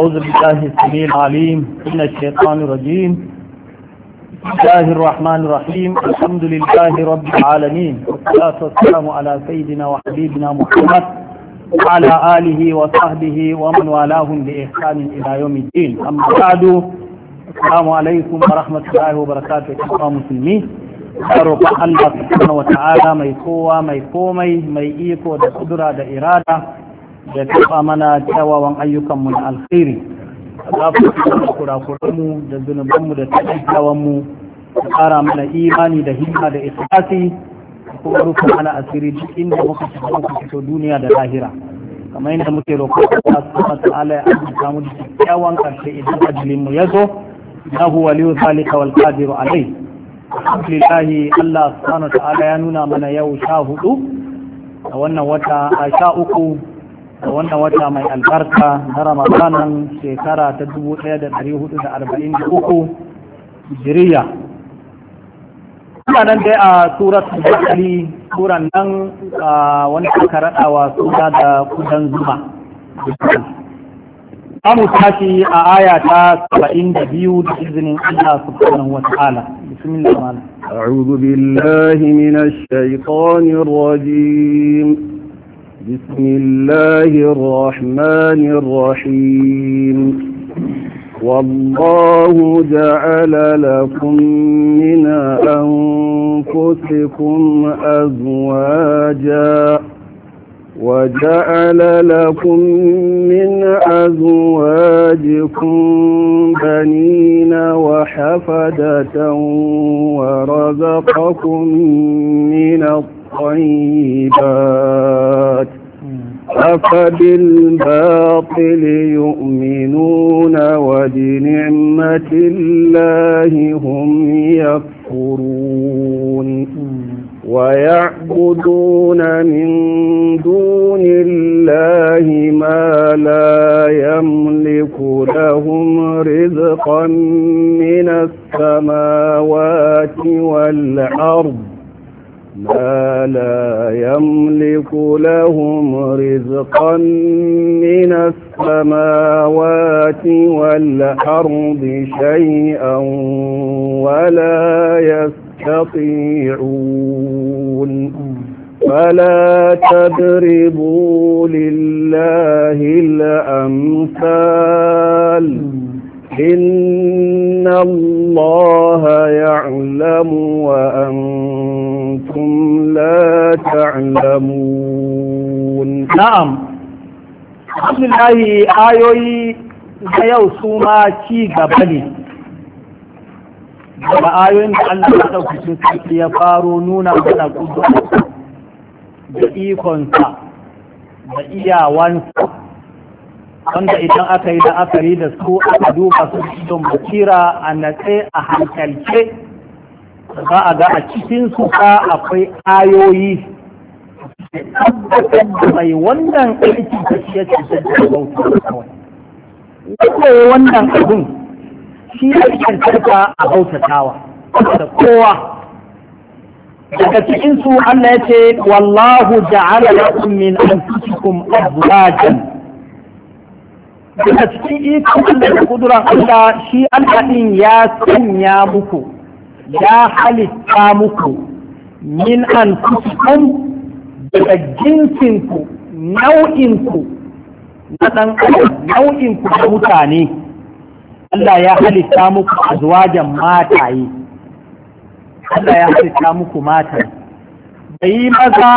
أعوذ بالله السميع العليم من الشيطان الرجيم بسم الله الرحمن الرحيم الحمد لله رب العالمين والصلاة والسلام على سيدنا وحبيبنا محمد وعلى آله وصحبه ومن والاهم بإحسان إلى يوم الدين أما بعد السلام عليكم ورحمة الله وبركاته أيها المسلمين roƙon Allah subhanahu wa ta'ala mai kowa mai komai mai iko da kudura da irada da taɓa mana kyawawan ayyukanmu na alkhairi da kurakuranmu da zunubanmu da mu da ƙara mana imani da himma da ikhlasi kuma rufe mana asiri duk inda muka shiga muka fito duniya da lahira kamar yadda muke roƙo Allah subhanahu wa ya azurta mu da kyakkyawan ƙarshe idan ajalin mu ya zo innahu waliyu zalika wal qadiru alayh alhamdulillah Allah subhanahu wa ta'ala ya nuna mana yau sha hudu a wannan wata a sha uku da wannan wata mai albarka na ramadanan shekara ta 1443 jiriya nan dai a surat bakali suran nan wani aka raɗawa suna da kudan zuma mu tashi a aya ta 72 da izinin Allah subhanahu wa ta'ala bismillah أعوذ بالله من الشيطان الرجيم بسم الله الرحمن الرحيم والله جعل لكم من أنفسكم أزواجا وجعل لكم من أزواجكم بنين وحفدة ورزقكم من الطيب الطيبات أفبالباطل يؤمنون وبنعمة الله هم يكفرون ويعبدون من دون الله ما لا يملك لهم رزقا من السماوات والأرض خلقا من السماوات والأرض شيئا ولا يستطيعون فلا تضربوا لله الأمثال إن الله يعلم وأنتم لا تعلمون na'am alhamdulillahi ayoyi na yau su ma ci gaba ne Daga ayoyin da Allah ya ɗaukacin sarki ya faro nuna mana kudu da ikonsa da iyawansa wanda idan aka yi la'akari da su aka duba su cikin bakira a natse a hankalce za a ga a cikin suka akwai ayoyi tabbatar da mai wannan aiki da shi ya cutar da bauta kawai wanda ya wannan abun shi ya cancarta a bauta tawa da kowa daga cikin su Allah ya ce wallahu ja'ala lakum min anfusikum azwajan daga cikin ikon Allah da kuduran Allah shi Allah din ya sanya muku ya halitta muku min anfusikum daga jinsinku nau'inku na ɗan nau'inku da mutane Allah ya halitta muku a zuwajen mataye Allah ya halitta muku mataye bai maza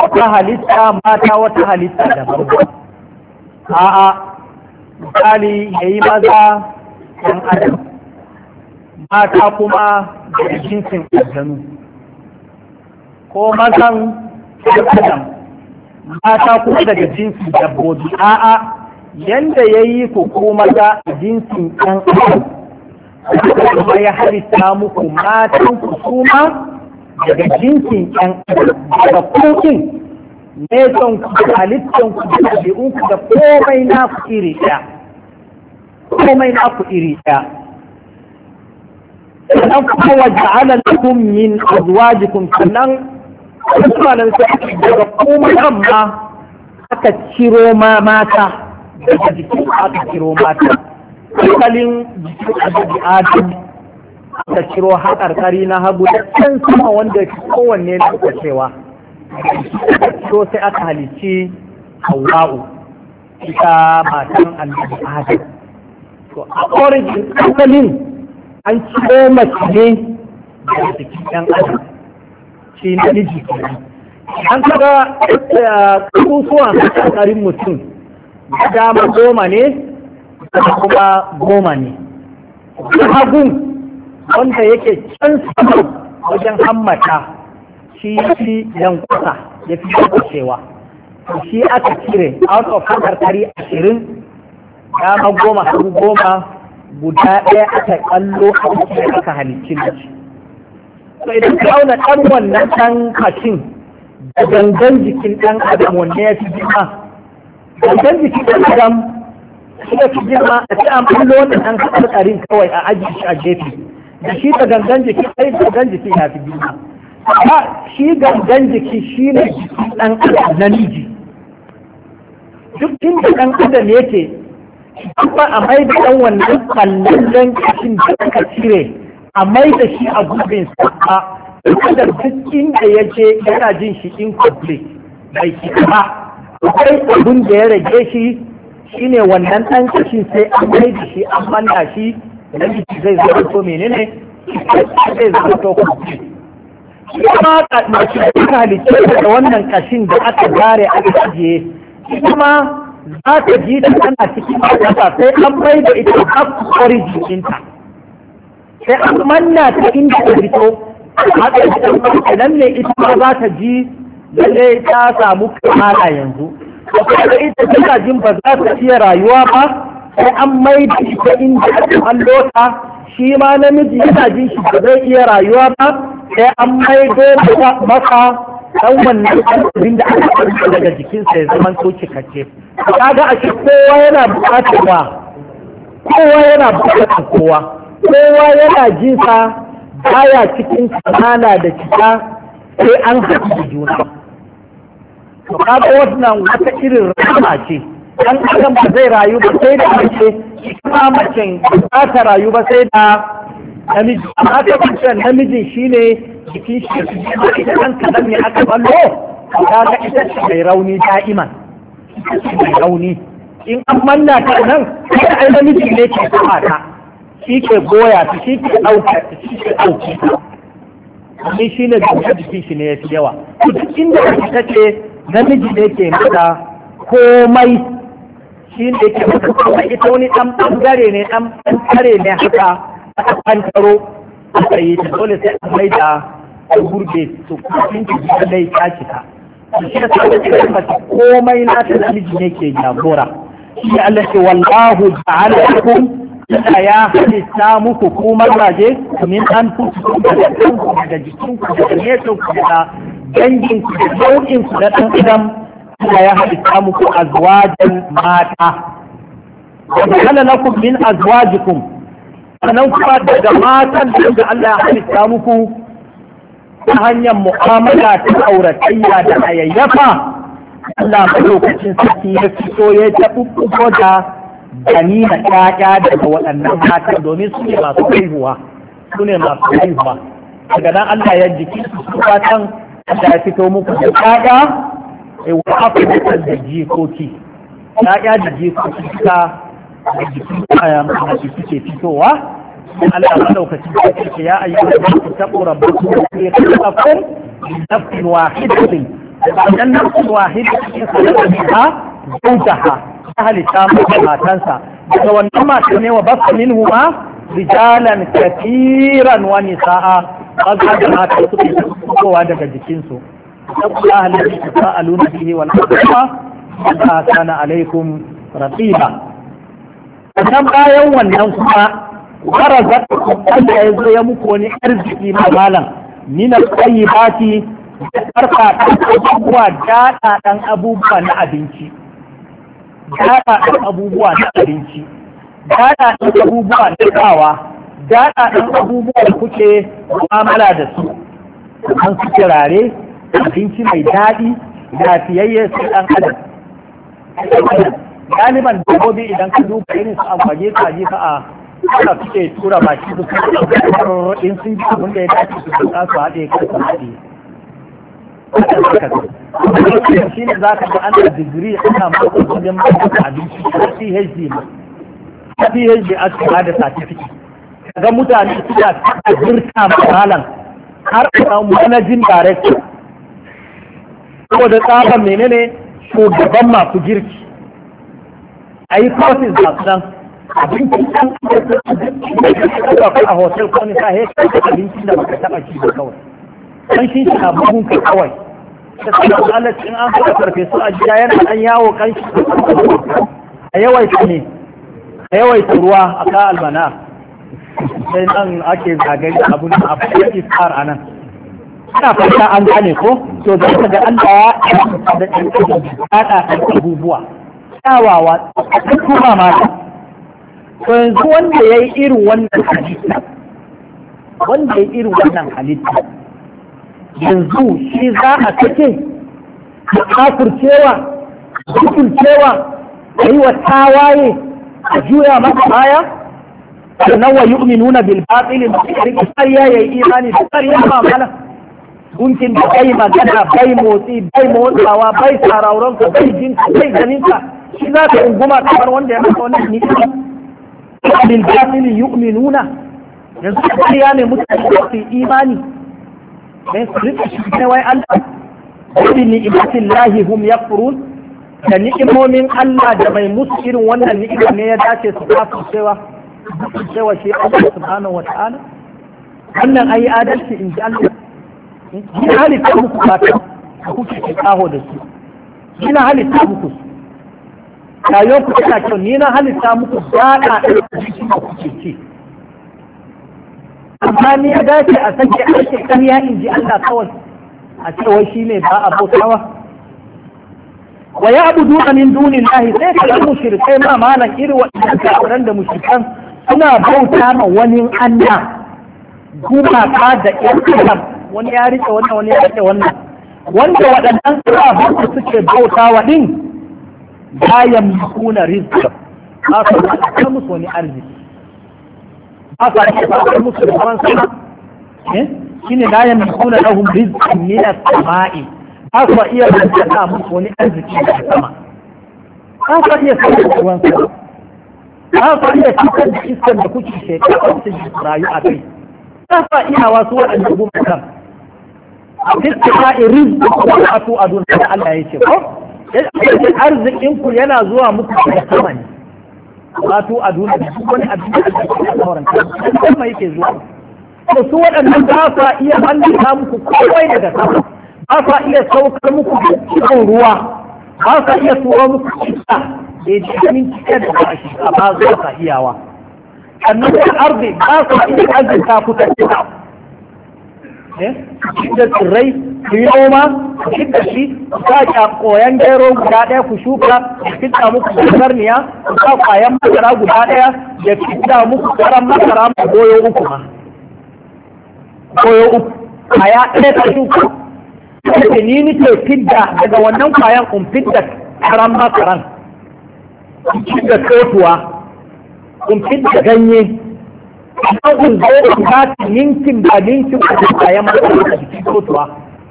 wata halitta mata wata halitta da babba a'a misali ya yi maza ɗan adam mata kuma da jinsin aljanu ko mazan adam mata kuma daga jinsin dabbobi a'a yanda ya yi ku ko maza jinsin ɗan adam kuma ya halitta muku matan ku kuma daga jinsin ɗan adam daga kokin nesan ku da halittan ku da ɗabi'un ku da komai na ku iri ɗaya komai na ku iri ɗaya sannan kuma wajen alalakun min azwajikum sannan suna nan sai daga komai amma aka ciro ma mata daga jikin aka ciro mata hankalin jikin adam aka ciro haƙarƙari na hagu da can sama wanda kowanne na aka cewa so sai aka halici hawa'u ita matan annabi adam to a origin asalin an ciro mace ne daga jikin ɗan adam shi namiji an a eh, kusuwa a tsarin mutum dama goma ne da kuma goma ne hagun wanda yake can sama wajen hammata shi shi yankusa ya fi yankucewa shi aka cire out of hundred tari ashirin dama goma hagu goma guda ɗaya aka kallo a cikin aka halicci da shi to da ka auna ɗan wannan ɗan kashin da gangan jikin ɗan adam wanne ya fi girma gangan jikin ɗan adam ya fi girma a ce an fullo wannan ɗan karkarin kawai a aji shi a gefe da shi da gangan jiki ai gangan jiki ya fi girma amma shi gangan jiki shi ne jikin ɗan adam na miji duk inda ɗan adam yake ba a maida ɗan wannan ballallen kashin da aka cire a mai da shi a gurbin sa da duk da ya ce yana jin shi incomplete bai shi ba akwai abin da ya rage shi shine wannan ɗan kashi sai an mai da shi an manna shi da biki zai zama to menene zai zama to complete kuma masu ta halittar da wannan kashin da aka gare a ajiye kuma za ta ji ta tana cikin ƙasa sai an maida da ita back origin jikinta. sai an manna ta inda ta fito a nan ne ita ma za ta ji lalle ta samu kamala yanzu da ita tana jin ba za ta iya rayuwa ba sai an mai da ita inda ta hallo ta shi ma namiji yana jin shi ba zai iya rayuwa ba sai an mai da masa dan wannan abin da aka karɓi daga jikinsa ya zama to cikakke kaga a shi kowa yana buƙatar kowa yana buƙatar kowa kowa yana jinsa baya cikin kamala da cika sai an haɗu da juna to kaga wannan wata irin rama ce dan adam ba zai rayu ba sai da mace kuma macen ba ta rayu ba sai da namiji amma ta kusa namiji shine jikin shi ita an kadan ne aka ballo kaga ita ce mai rauni da'iman mai rauni in an manna ta nan ai namiji ne ke ta shi ke goya ta shi ke ɗauka shi ke ɗauki shi shi ne da jiki shi ne ya fi yawa to duk inda ta ce namiji ne ke mata komai shi ne ke mata komai ita wani ɗan ɓangare ne ɗan ɓangare ne haka a ɓantaro a tsaye ta dole sai a mai da gurbe su kusin ki da dai ta cika shi ne sa ta mata komai na ta namiji ne ke jagora shi Allah ce wallahu ta'ala kun. Allah ya halitta muku ku mazaje min an fito da kanku daga jikinku daga nesan ku da dangin da nau'in da ɗan adam Allah ya halitta muku a zuwajen mata wa na lakum min a azwajikum sanan kuma daga matan da Allah ya halitta muku ta hanyar mu'amala ta auratayya da hayayyafa Allah lokacin sarki ya fito ya taɓuɓɓugo da ganima ƴaƴa daga waɗannan matan domin su ne masu haihuwa su ne masu haihuwa daga nan Allah ya jiki su su fatan da ya fito muku da ƴaƴa e wa afirka da jikoki ƴaƴa da jikoki suka da jiki a jiki ke fitowa Allah madaukakin sarki ya ayyuka da ku taɓo rabbaku da ke kafin nafsin wahidatin da nafsin wahidatin sanar da ha zaujaha halitta masa matansa daga wannan mata ne wa basu min huma rijalan kafiran wa nisa'a maza da mata suke fitowa daga jikinsu تقول أهل تساءلون به والأرحام ما كان عليكم رقيبا sannan bayan wannan kuma garaza wanda ya zo ya muku wani arziki na malam nina tsayi bati da karfa ta abubuwa daɗa ɗan abubuwa na abinci daɗa ɗan abubuwa na abinci daɗa ɗan abubuwa na sawa daɗa ɗan abubuwa da kuke mu'amala da su an su kirare abinci mai daɗi lafiyayye su ɗan adam galiban dabbobi idan ka duba irin su amfani ka je ka a ana suke tura baki su kan ɗin sun ji abin da ya dace su ka su haɗe kan su haɗe shi ne za ka ga ana digiri ana masu kudin masu abinci a PhD ma a PhD a cikin da certificate ga mutane suna ta girka malam har a managing director saboda tsaban menene shugaban masu girki a yi courses da su nan abincin kan a hotel ko nisa ya abinci da baka taba ci da kawai kanshin shi na bugun ka kawai Da kuma Allah in an saka farfesu a gida yana an yawo kanshi a yawaita ne a yawaita ruwa a ka almana sai nan ake zagari abun a fiye ifar a nan ina fata an gane ko to za ka ga Allah ya da ɗan ɗan ɗan abubuwa kyawawa a kuma mata to yanzu wanda ya yi irin wannan halitta wanda ya irin wannan halitta yanzu shi za a take da kafurcewa hukuncewa a yi wa tawaye a juya masa baya sannan wa yu'minuna bil batil da ƙarya ya yi imani da ƙarya ba mana gunkin da kai magana bai motsi bai motsawa bai sarauran ka bai jin ka bai ganin ka shi za ka unguma kamar wanda ya maka wannan ni'ima bil batil yu'minuna yanzu ƙarya ne mutane da su imani sai su rika shi wai Allah bi ni'matin lahi ya yakfurun da ni'imomin Allah da mai musu irin wannan ni'ima ne ya dace su kafa cewa cewa shi Allah subhanahu wa ta'ala wannan ayi adalci in ji Allah ni halitta muku fata da kuke ke kaho da su ni na halitta muku yi ku tana kyau ni na halitta muku ba na ɗaya da kuke ci amma ni ya dace a sake ake ƙarya in ji Allah kawai a cewa shi ne ba a bautawa wa ya abu duna min dunin lahi sai ka yi mushrikai ma malan irin waɗanda kafiran da mushrikan suna bauta ma wani Allah gumaka da ƴan wani ya riƙe wannan wani ya rike wannan wanda waɗannan abin da suke bauta wa ɗin bayan kuna rizqa ba su da musu wani arziki haka musu da hawan sama shine la yamlikuna lahum rizqan min as-sama'i ba su iya da musu wani arziki daga sama ba su iya samun ruwan sama ba su iya fitar da iskan da kuke shekara cikin rayu a kai ba su iya wasu waɗanda goma kan fitta irin da a to a duniya Allah ya ce ko arzikinku yana zuwa muku daga sama ne wato a duniya duk wani abin da ake alƙawarin kuma yake zuwa to su waɗannan ba sa iya hannunta muku kowai daga sama ba sa iya saukar muku da cikin ruwa ba sa iya tura muku cika da ya cikin cika da ba shi ba za sa iyawa sannan da arzi ba sa iya arzinta ku ta cika da eh? tsirrai ku yi noma ku shidda shi ku sa koyan gero guda ɗaya ku shuka ku shidda muku zarniya ku sa kwayan masara guda ɗaya ya shidda muku karan masara mu goyo uku ma goyo uku kwaya ɗaya ta shuka da ni nake fidda daga wannan kwayan kun fidda karan masaran in fidda totuwa kun fidda ganye ɗaukin zoɓin za su ninkin ba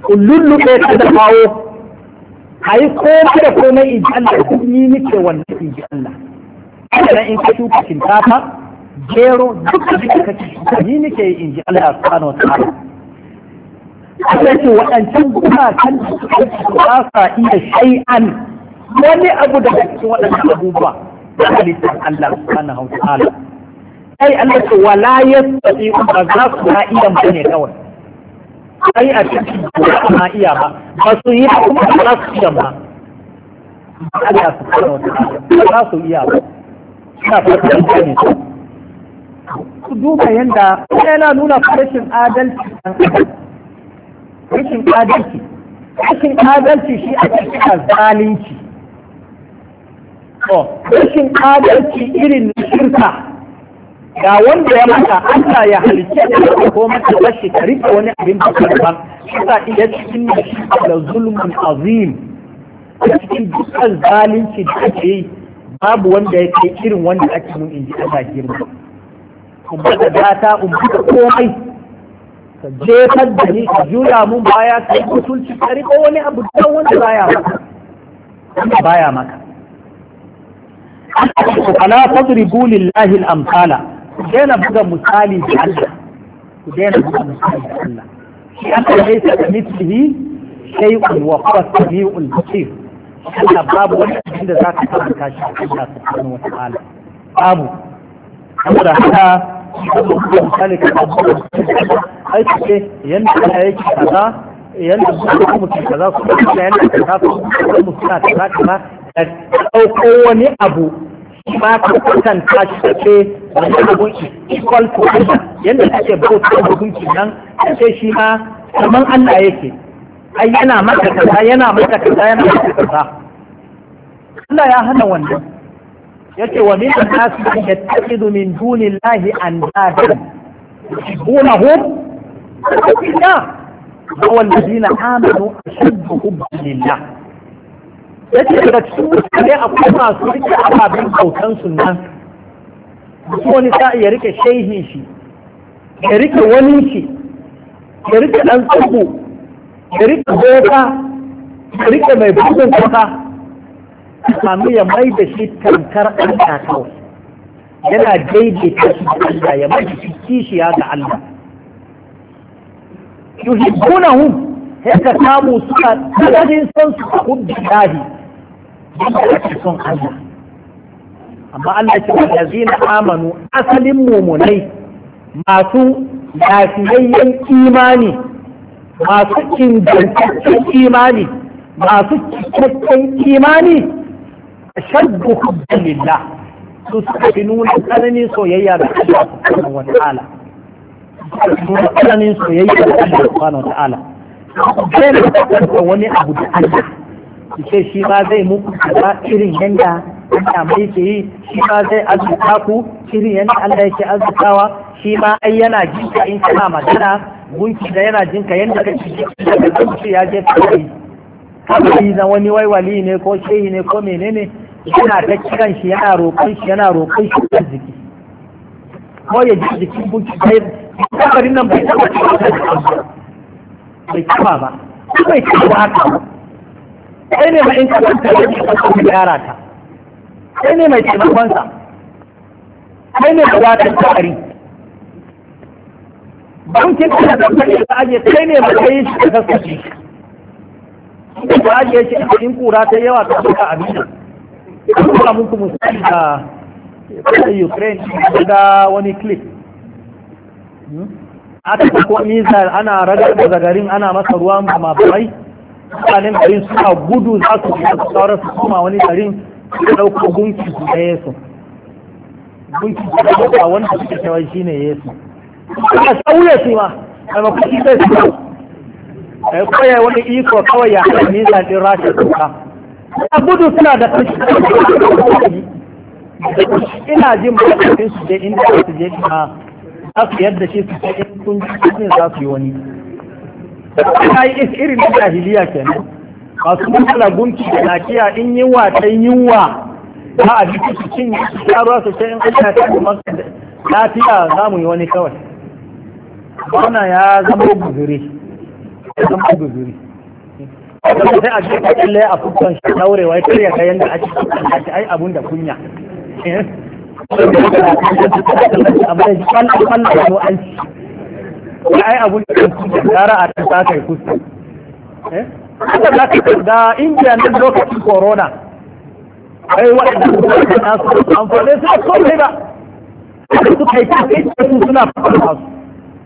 kullum ta da kawo da komai in ji Allah ni nake wannan in Allah in ka shuka shinkafa gero duk da duka kake ni nake in Allah subhanahu Allah waɗancan gumakan kan ba sa iya shay'an wani abu da cikin waɗannan abubuwa da halittar Allah subhanahu wa ta'ala kai Allah ce wala yastati ba za su na iya bane kawai kai a cikin ba su na iya ba ba su yi kuma ba za su iya ba Allah su fara ba za su iya ba ina fata da ne ku duba yanda yana nuna rashin adalci rashin adalci rashin adalci shi a cikin zalunci rashin adalci irin shirka ga wanda ya mata Allah ya halice da ko mata bashi ka rike wani abin da ka ban sa iya cikin da zulmun azim cikin dukkan zalunci da ake yi babu wanda ya kai irin wanda ake mun inji Allah girma kuma da data umma komai ka jefar da ni ka jura mun baya ka yi mutunci ka riko wani abu da wanda baya maka wanda baya maka فلا تضربوا لله الأمثال ku daina buga misali da Allah ku daina buga misali da Allah shi aka laisa da sai shay'un wa huwa samiul basir Allah babu wani abin da zaka karanta shi Allah subhanahu wa ta'ala babu saboda haka misali ka ai ku ce yanda Allah yake kaza yanda mutum ke kaza kuma yanda kaza kuma mutum kaza kaza da ɗauko wani abu ba ka kwatanta shi ta ce wani abun equal to Allah yadda kake bauta da gunki nan ta ce shi ma kaman Allah yake ai yana maka kaza yana maka kaza yana maka kaza Allah ya hana wannan yace wa min an-nas man yattakhidhu min dunillahi andadan yuhibbunahum ka wal ladina amanu ashaddu hubban lillah ya ce daga cikin mutane akwai masu rike ababen bautan sunan su wani sa ya rike shehi shi ya rike wani shi ya rike dan tsogo ya rike boka ya rike mai bugun kuka. sami ya mai da shi tamkar ɗan kakau yana daidaita shi da Allah ya mai shi kishiya ga Allah yuhibbunahum sai ka samu suna tsananin son su hubbi lahi yadda ake son Allah amma Allah ya ce wallazina amanu asalin mumunai masu lafiyayyen imani masu ingantaccen imani masu cikakken imani shaddu hubban lillah su suka fi nuna tsananin soyayya da Allah subhanahu wa ta'ala nuna tsananin soyayya da Allah subhanahu wa ta'ala da wani abu da Allah ce shi ma zai muku kaza irin yanda Allah mai ke yi shi ma zai azuta ku irin yanda Allah yake azutawa shi ma ai yana jinka in kana magana gunki da yana jinka yanda kake ji daga zuci ya je kai kamar yi zan wani waiwali ne ko shehi ne ko menene yana ta kiran shi yana roƙon shi yana roƙon shi arziki ko ya ji jikin gunki bai kabarin nan bai taba bai taba ba bai taba haka ba kai ne mai in ka da ke kasu gyara ta kai ne mai taimakonsa kai ne da ta tsari bankin da ta tsari ta ajiye kai ne mai kai shi da kasu ta ajiye shi a cikin kura ta yawa ta suka abin da kuma muku musali da kuma ukraine da wani clip hmm? aka ko mizar ana ragar da zagarin ana masa ruwan ba ma mamabai mutanen garin suna gudu za su fita su sauran su koma wani garin su ɗauko gunki su da yesu gunki su na yesu a wanda suke cewa shi ne yesu a sauya su ma a shi zai su kai koya wani iko kawai ya haɗa nisa ɗin rashin suka a gudu suna da kashi ina jin matakin su je inda su je ina za su yadda shi su je in kun ji za su yi wani ana yi irin a jahiliya kenan masu matsala gunki da lafiya in yi wa ta yunwa ba a jiki su cin yi su su ce in ana ta yi lafiya za mu yi wani kawai wannan ya zama guzuri ya zama guzuri sai a jefa kalle a fukon shi daurewa ya karya ga yanda ake fuskan shi ai abun da kunya amma da ji kwallon kwallon wani an ci da ai abun da gara a ta saka yi kusa eh? haka za ka da indiya na lokacin corona ai waɗanda suka yi nasu amfani su ko ne ba suka yi kafin su suna fara su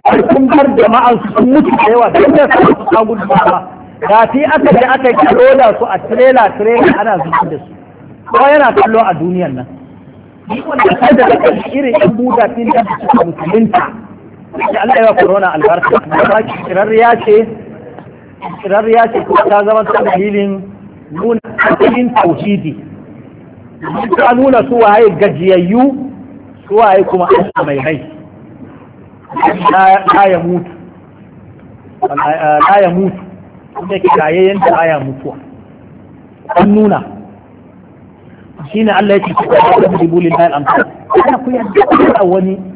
ai kun bar jama'a su sun mutu da yawa da da su ka gudu ba da fi aka je aka yi corona su a trailer trailer ana zuci da su kowa yana kallo a duniyan nan. Ni wannan kada da irin yan buda fin da suka mutunta da Allah ya korona albarka amma kirarriya ce kirarriya ce kuma ta zama ta dalilin nuna asalin tauhidi ta nuna su waye gajiyayyu su waye kuma Allah mai rai la ya mutu la eh, ya mutu da kirayeyen da baya mutuwa an nuna shine Allah ya ce ta bibu lillahi al-amsal ana ku yadda wani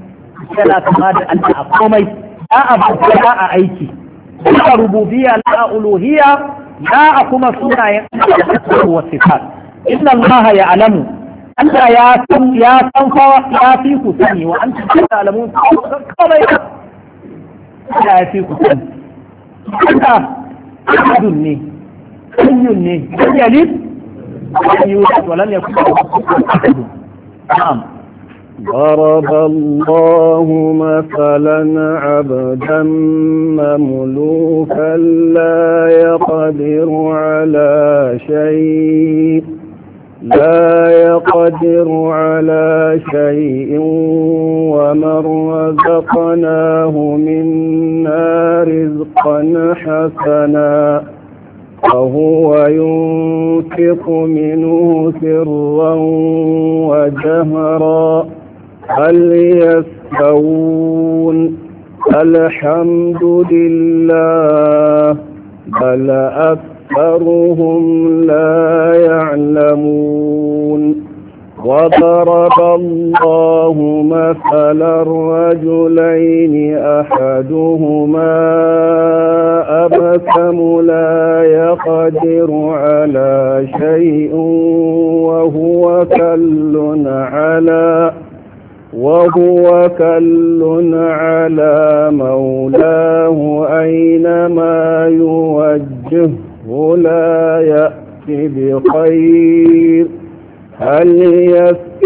yana kama da Allah a komai la a bauta a aiki la a rububiyya la a uluhiyya la a kuma sunayen Allah wa sifat inna Allah ya alamu Allah ya san ya san fa ya fi ku sani wa antum ta'lamun komai ya fi ku sani Allah ahadun ne hayyun ne yalid yulad wa lam yakul ضرب الله مثلا عبدا مملوكا لا يقدر على شيء لا يقدر على شيء ومن رزقناه منا رزقا حسنا فهو ينفق منه سرا وجهرا هل يستوون الحمد لله بل أكثرهم لا يعلمون وضرب الله مثل الرجلين أحدهما أبسم لا يقدر على شيء وهو كل على وهو كل على مولاه أينما يوجهه لا يأتي بخير هل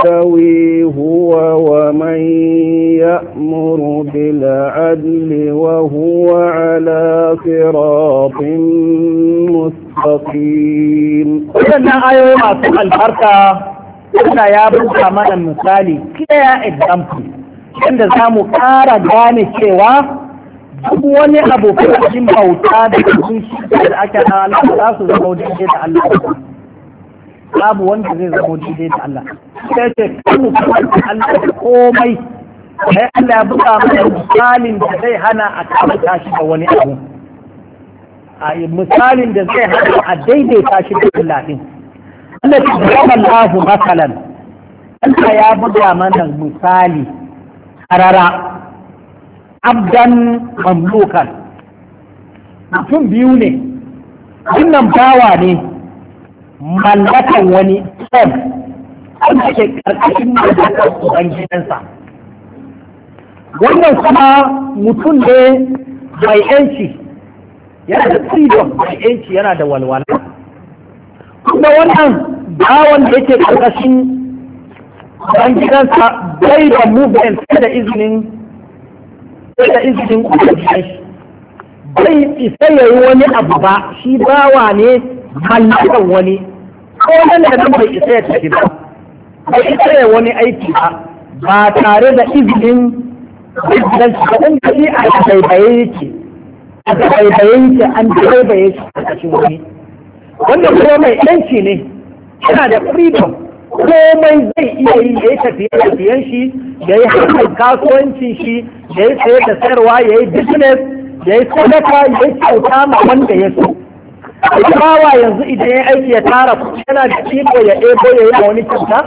يستوي هو ومن يأمر بالعدل وهو على صراط مستقيم. Allah ya buga mana misali clear example inda za mu ƙara gane cewa duk wani abu cikin bauta da cikin shi da ake Allah za su zama daidai da Allah babu wanda zai zama daidai da Allah sai ce kanu da Allah da komai sai Allah ya buga mana misalin da zai hana a kamata shi da wani abu a misalin da zai hana a daidaita shi da Allah din Allah ta zama Allah masalan Allah ya buga mana misali karara abdan mamlukan mutum biyu ne wannan bawa ne mallakan wani son wanda ke karkashin mallakar ubangidansa wannan kuma mutum ne mai yanci yana da freedom mai yanci yana da walwala kuma wannan bawan da yake karkashin ban gidansa bai da movement sai da izinin sai da izinin ubangiji bai isa ya yi wani abu ba shi bawa ne mallakar wani ko nan da nan bai isa ya tafi ba bai isa ya wani aiki ba ba tare da izinin gidan shi ba in kaji a dabaibaye yake a dabaibaye yake an dabaibaye shi a cikin wani wanda kuma mai yanci ne yana da freedom komai zai iya yi ya yi tafiye tafiyen shi ya yi harkar kasuwanci shi ya yi saye da sayarwa ya yi business ya yi sadaka ya yi kyauta ma wanda ya so bawa yanzu idan ya aiki ya tara yana da iko ya ɗebo ya yi wani kyauta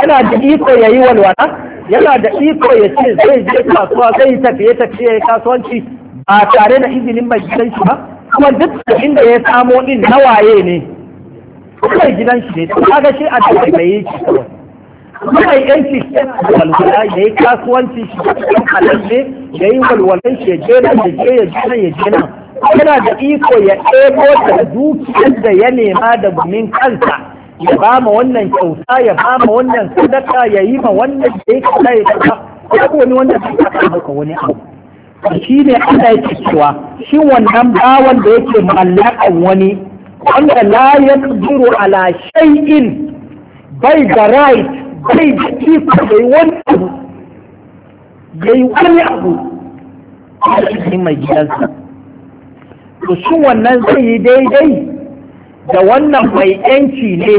yana da iko ya yi walwala yana da iko ya ce zai je kasuwa zai tafiye tafiye kasuwanci ba tare da izinin mai gidan shi ba kuma duk inda ya samo din nawaye ne kuma gidan shi ne ta ga shi a da bai yi shi kawai kuma yanci shi yana walwala ya yi kasuwanci shi kan halalle ya yi walwalan shi ya je nan ya je ya je nan ya je nan yana da iko ya ɗebo da dukiyar da ya nema da gumin kansa ya ba ma wannan kyauta ya ba ma wannan sadaka ya yi ma wannan da ya kada ya kada ko wani wanda zai kada maka wani abu shi ne ana yake cewa shi wannan bawan da yake mallakan wani wanda la ya tsibiru ala shay'in bai da right bai da iko wani abu ya yi wani abu a shi mai gidansa to shi wannan zai yi daidai da wannan mai yanci ne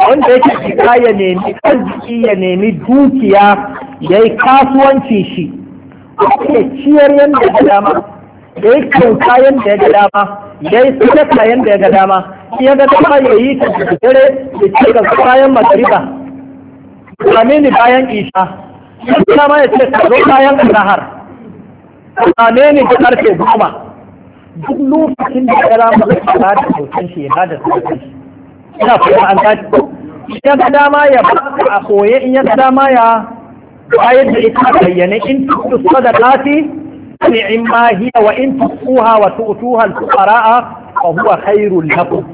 wanda yake shiga ya nemi arziki ya nemi dukiya ya yi kasuwanci shi ya ciyar yadda da dama ya yi kyauta yadda ya ga dama ya yi sadaka yadda ya ga dama ya ga dama ya yi ta dare da ce ga bayan magariba same ni bayan isha ya ga ma ya ce ka kayan bayan azahar same ni da karfe goma duk lokacin da ya rama da fara da hoton shi ya da hoton shi ina fara an tashi ya ga dama ya baka a koye in ya ga dama ya bayar da ita bayyane in tuku sadaqati ni'im ma hiya wa in tuquha wa tu'tuha al-fuqara'a fa huwa khairul lakum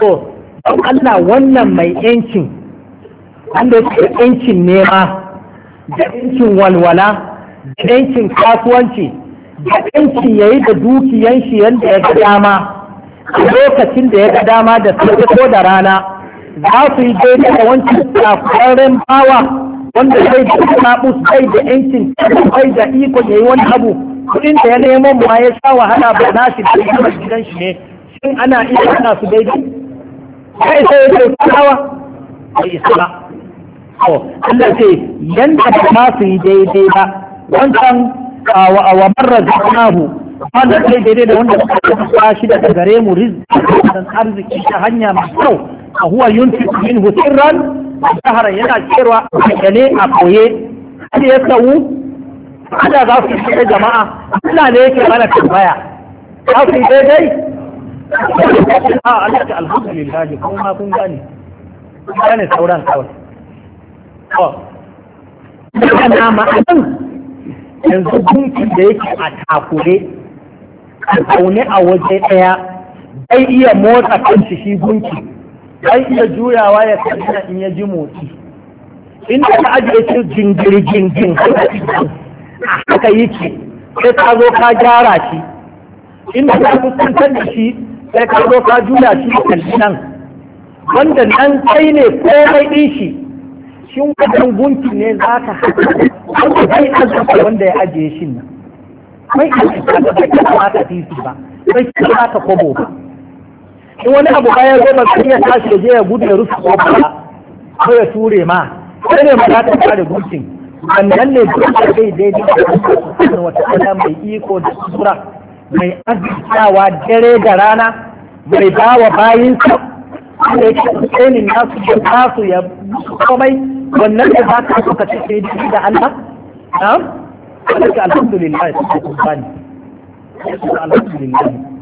so don Allah wannan mai yancin wanda yake yancin nema da yancin walwala da yancin kasuwanci da yancin yayi da dukiyan shi yanda ya ga dama lokacin da ya ga dama da safe ko da rana za su yi daidai da wancan tsakurarren bawa wanda zai da kabus zai da yankin sai da iko yayi wani abu kudin da ya nemo mu ya sha wahala ba na shi da kuma gidan shi ne shin ana iya ana su daidai kai sai ya kai kawa isa ba to Allah ce yanda ba su yi daidai ba wancan wa wa marrazaqnahu wanda kai daidai da wanda ba shi da gare mu rizqi dan arziki ta hanya mai kyau a huwa yunfiqu minhu sirran jihar yana cewa da ne a koye kada ya sau ana za su yi jama'a Ina ne yake mana tambaya za su yi daidai a alaƙa alhamdulillah kuma ma kun gane kun gane sauran kawai Yana ma'anin yanzu gunkin da yake a takure a zaune a waje ɗaya bai iya motsa kanshi shi gunki zai iya juyawa ya kadina in ya ji motsi inda ka ajiye shi jingiri jingin haka ce sai ka zo ka gyara shi inda ka fuskantar da shi sai ka zo ka juya shi a kalli wanda nan kai ne komai ɗin shi shin wajen gunki ne za ka wanda kai azurfa wanda ya ajiye shi na? mai azurfa da bai ba bai kamata kobo ba in wani abu baya zo ba sai ya tashi da je ya gudu ya ko kofa ko ya ture ma sai ne ma za ta kare gudun wannan ne duk da zai daidai da kuma wata ala mai iko da sura mai azurtawa dare da rana mai bawa bayinsa da yake na su da tasu ya komai wannan da za ka suka ci sai da Allah na'am alhamdulillah sai ku bani alhamdulillah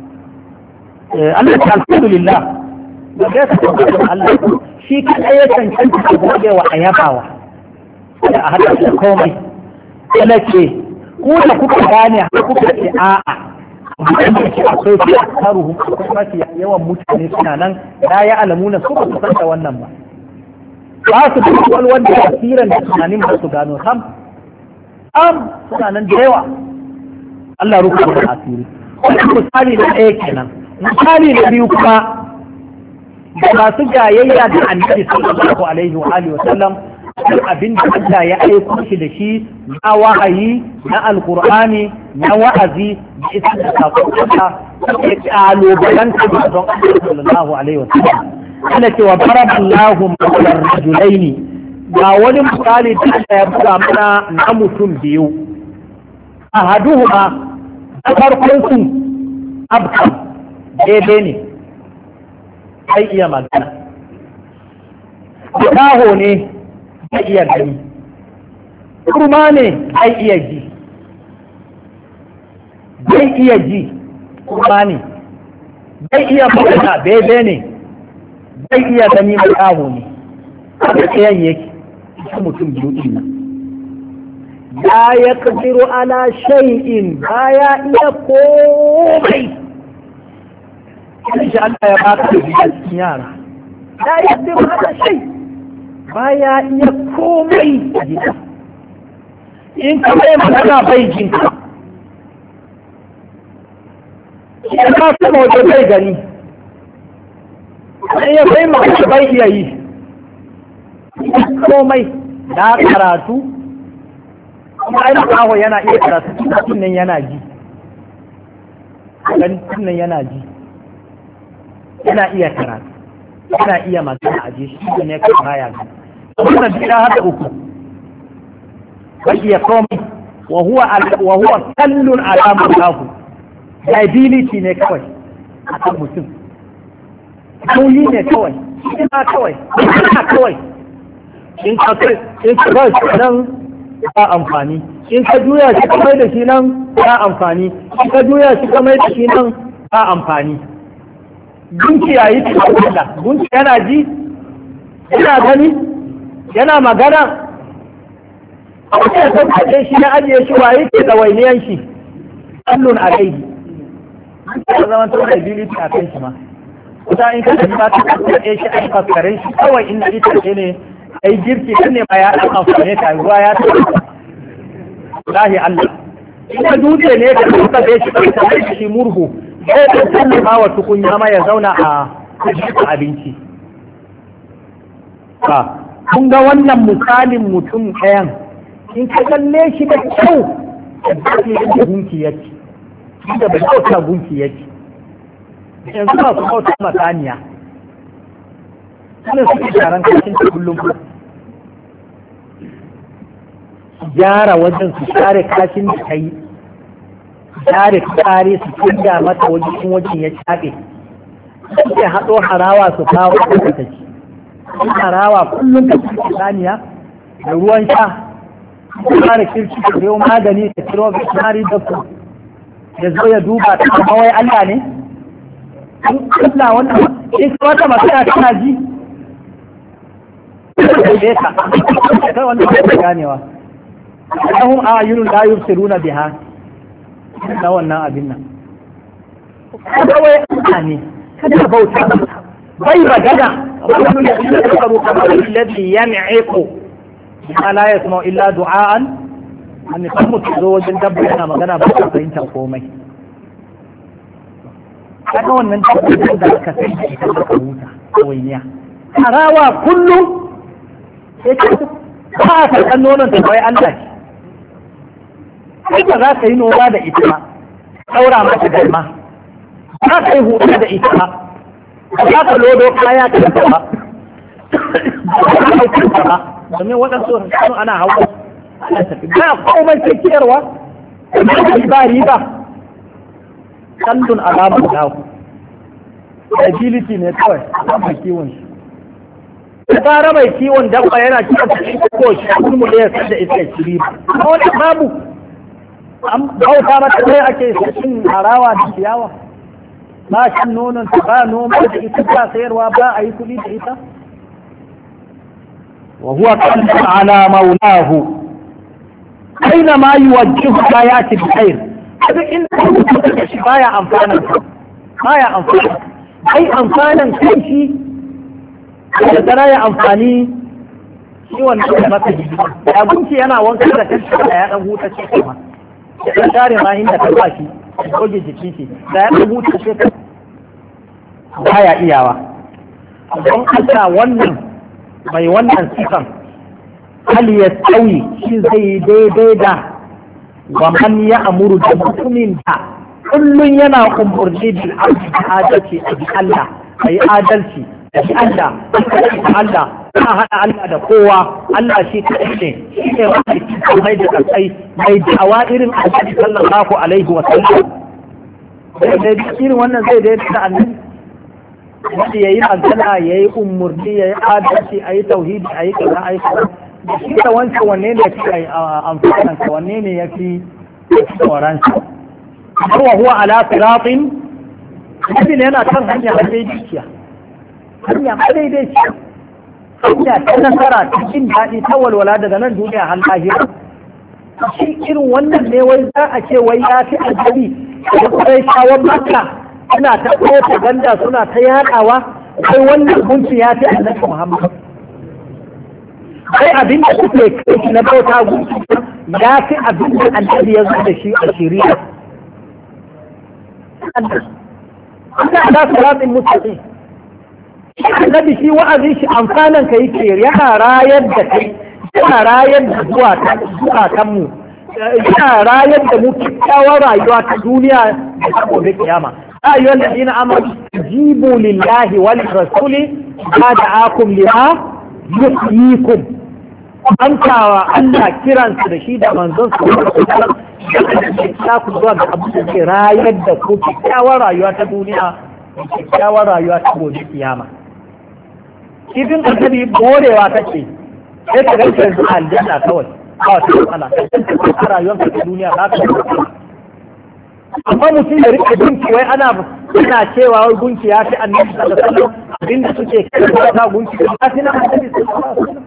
Eh, Allah ta alhamdulillah da ya ka tabbata da Allah shi kadai ya cancanta da gode wa ayabawa da a hada da komai Allah ce ku da kuka gane kuka ce a'a wanda ke akwai fi asaruhu kuma mafi yawan mutane suna nan da ya alamuna su ba su san da wannan ba ba su da kwalwar da asiran da tunanin ba su gano sam am suna nan da yawa Allah ruku da asiri wani misali na ɗaya kenan misali da biyu kuma da masu jayayya da annabi sallallahu alaihi wa alihi wa sallam duk abin da Allah ya aiko shi da shi na wahayi na alkur'ani na wa'azi da isa da sakonta ya bayan ta da don Allah sallallahu alaihi wa sallam ana cewa baraballahu mawlar rajulaini ga wani misali da Allah ya buga mana na mutum biyu ahaduhuma na farkon su abkan daidai ne zai iya magana taho ne zai iya gani kurma ne zai iya ji zai iya ji kurma ne zai iya magana daidai ne zai iya gani mai taho ne haka tsayan yake ta mutum biyu ɗin Ya la ya kajiru ala shay'in ya iya komai shi Allah ya baka da biya cikin yara da ya ce ba da shai baya iya komai a gida in ka bai magana bai jin ka ya ka sama bai gani sai iya bai magana bai iya yi komai na karatu kuma ainihin kawo yana iya karatu tunan yana ji ganin tunan yana ji yana iya karatu yana iya magana a jishi shi ne ka baya ga wannan gida haka uku bai iya komai wa huwa wa huwa kallun ala mutahu liability ne kawai a kan mutum nauyi ne kawai ina kawai ina kawai in ka in ka ba shi nan ba amfani in ka juya shi kamar da shi nan ba amfani in ka juya shi kamar da shi nan ba amfani gunki yayi Allah gunki yana ji yana gani yana magana a wajen tabbace shi na ajiye shi waye ke ɗawainiyan shi allon a gaibi ya zama ta wani ability a kan shi ma kusa in ka tafi ba ta tabbace shi a faskaren shi kawai inda ita ne ai girki kan ne ma ya ɗan amfani ta ruwa ya tabbata lahi Allah in ka dutse ne ka tabbata shi ka tabbata shi murhu ɗaya da tukunya ma ya zauna a abinci ba kun ga wannan misalin mutum ɗayan in ka kalle shi da kyau da gunki yake da ba kyauta gunki ci yanzu ba su kyauta sannan su ke sharan kashin ta kullum gyara wajen su share kashin da ta yi tare tsari su tunda mata wajen wajen ya caɓe suke haɗo harawa su kawo ta ci harawa kullum da ci saniya da ruwan sha fara kirki da yau magani da kiro da ku ya zo ya duba ta kama wai Allah ne in Allah wannan in ka wata magana tana ji ta ka kai wannan ba ganewa lahum ayunun la runa biha na wannan abin nan kada wai Allah ne kada bauta bai ragada wannan da ya karu kamar alladhi yan'iqu ma la magana ta fahimta wannan da ka kullum ba a nonon ta kai ba za ka yi noma da ita ba ɗaura mata dalma za ka yi hutu da ita ba za ka lodo kaya ka ita ba ba domin waɗansu sun ana hauka. ana tafi ba komai sai ciyarwa ba riba kallon alamar dawo ability ne kawai a kan kiwon shi fara mai kiwon dabba yana kiwon shi ko shi kuma da ya san da ita ya ci riba wani babu an bauta mata kai ake shin harawa da ciyawa ba shan nonon ta ba noma da ita ba sayarwa ba a yi kuɗi da ita wa huwa qalbun ala maulahu aina ma yuwajjihu ayati bi khair kaga in shi baya amfana baya amfana ai amfanan kai shi da tara ya amfani shi wannan da maka ya gunki yana wanka da kansa ya dan huta shi kuma ka share ma inda ka ba shi goge jikin shi da ya rubuta shi ka baya iyawa don Allah wannan mai wannan sifan hal ya tsawi shi zai daidai da wa man ya amuru da mutumin da kullum yana umurni bil adalci a bi Allah ayi adalci a bi Allah a Allah ba haɗa Allah da kowa Allah shi kaɗai ne shi ne wanda ke kamai da ƙasai mai da'awa irin annabi sallallahu alaihi wa sallam sai dai irin wannan zai dai da annabi wanda yayi magana yayi umurni yayi adalci ayi tauhidi ayi kaza ayi kaza shi da wancan wanne ne yake amfanan ka wanne ne yafi tsoron sa huwa huwa ala siratin Nabi ne yana kan hanya a daidaiciya. Hanya daidaiciya. hanya ta nasara ta jin daɗi ta walwala daga nan duniya har lahira shi irin wannan ne wai za a ce wai ya fi aljari da kurai shawar maka suna ta ƙofa ganda suna ta yaɗawa kai wannan gunci ya fi annabi muhammad kai abin da suke kai na bauta gunci ya fi abin da annabi ya zo da shi a shiriya Allah Allah salatin mutane annabi shi wa'azin shi amfanan ka yake yana rayar da kai yana rayar da zuwa ta mu yana rayar da mu kyakkyawar rayuwa ta duniya da gobe kiyama ayyuhal ladina amanu jibu lillahi wal rasuli ma da'akum lima yusmikum Amtawa Allah kiransu da shi da manzon su da ku zuwa ga abu da ke rayar da ku kyakkyawar rayuwa ta duniya kyakkyawar rayuwa ta gobe kiyama kifin annabi borewa take sai ka ga shi aljanna kawai kawai ta matsala a rayuwarka ta duniya za ka amma mutum ya rike gunki wai ana cewa wai gunki ya fi annabi sallallahu alaihi wasallam abinda suke kai ta gunki ya fi na annabi sallallahu alaihi wasallam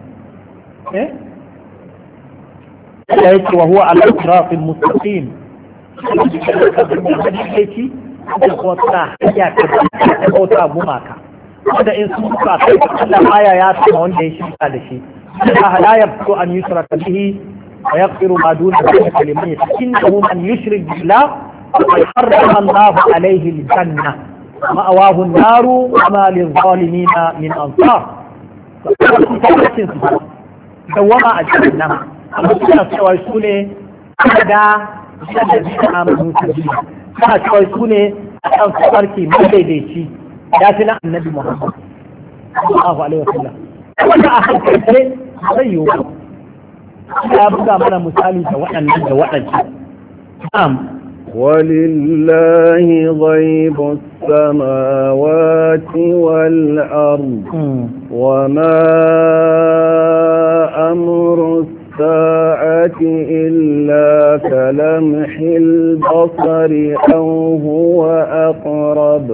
eh Allah wa huwa al-sirat al-mustaqim shi ne kuma ta hanya ta bauta gumaka wanda in sun suka kai Allah baya ya sama wanda ya shirka da shi Allah la yabtu an yusraka bihi wa yaghfiru ma duna dhalika liman yashaa innahu man yushrik billah فقد حرم الله عليه الجنة مأواه النار وما للظالمين من أنصار دوما الجنة أما سوى سنة أدا الذين آمنوا سبيلا سنة سوى سنة أن تباركي مددتي ياتنا النبي محمد صلى الله عليه وسلم وانا اخذت الحين زيه ابدا انا مثالي وانا نبدا وانا نعم ولله غيب السماوات والارض وما امر الساعة إلا كلمح البصر أو هو أقرب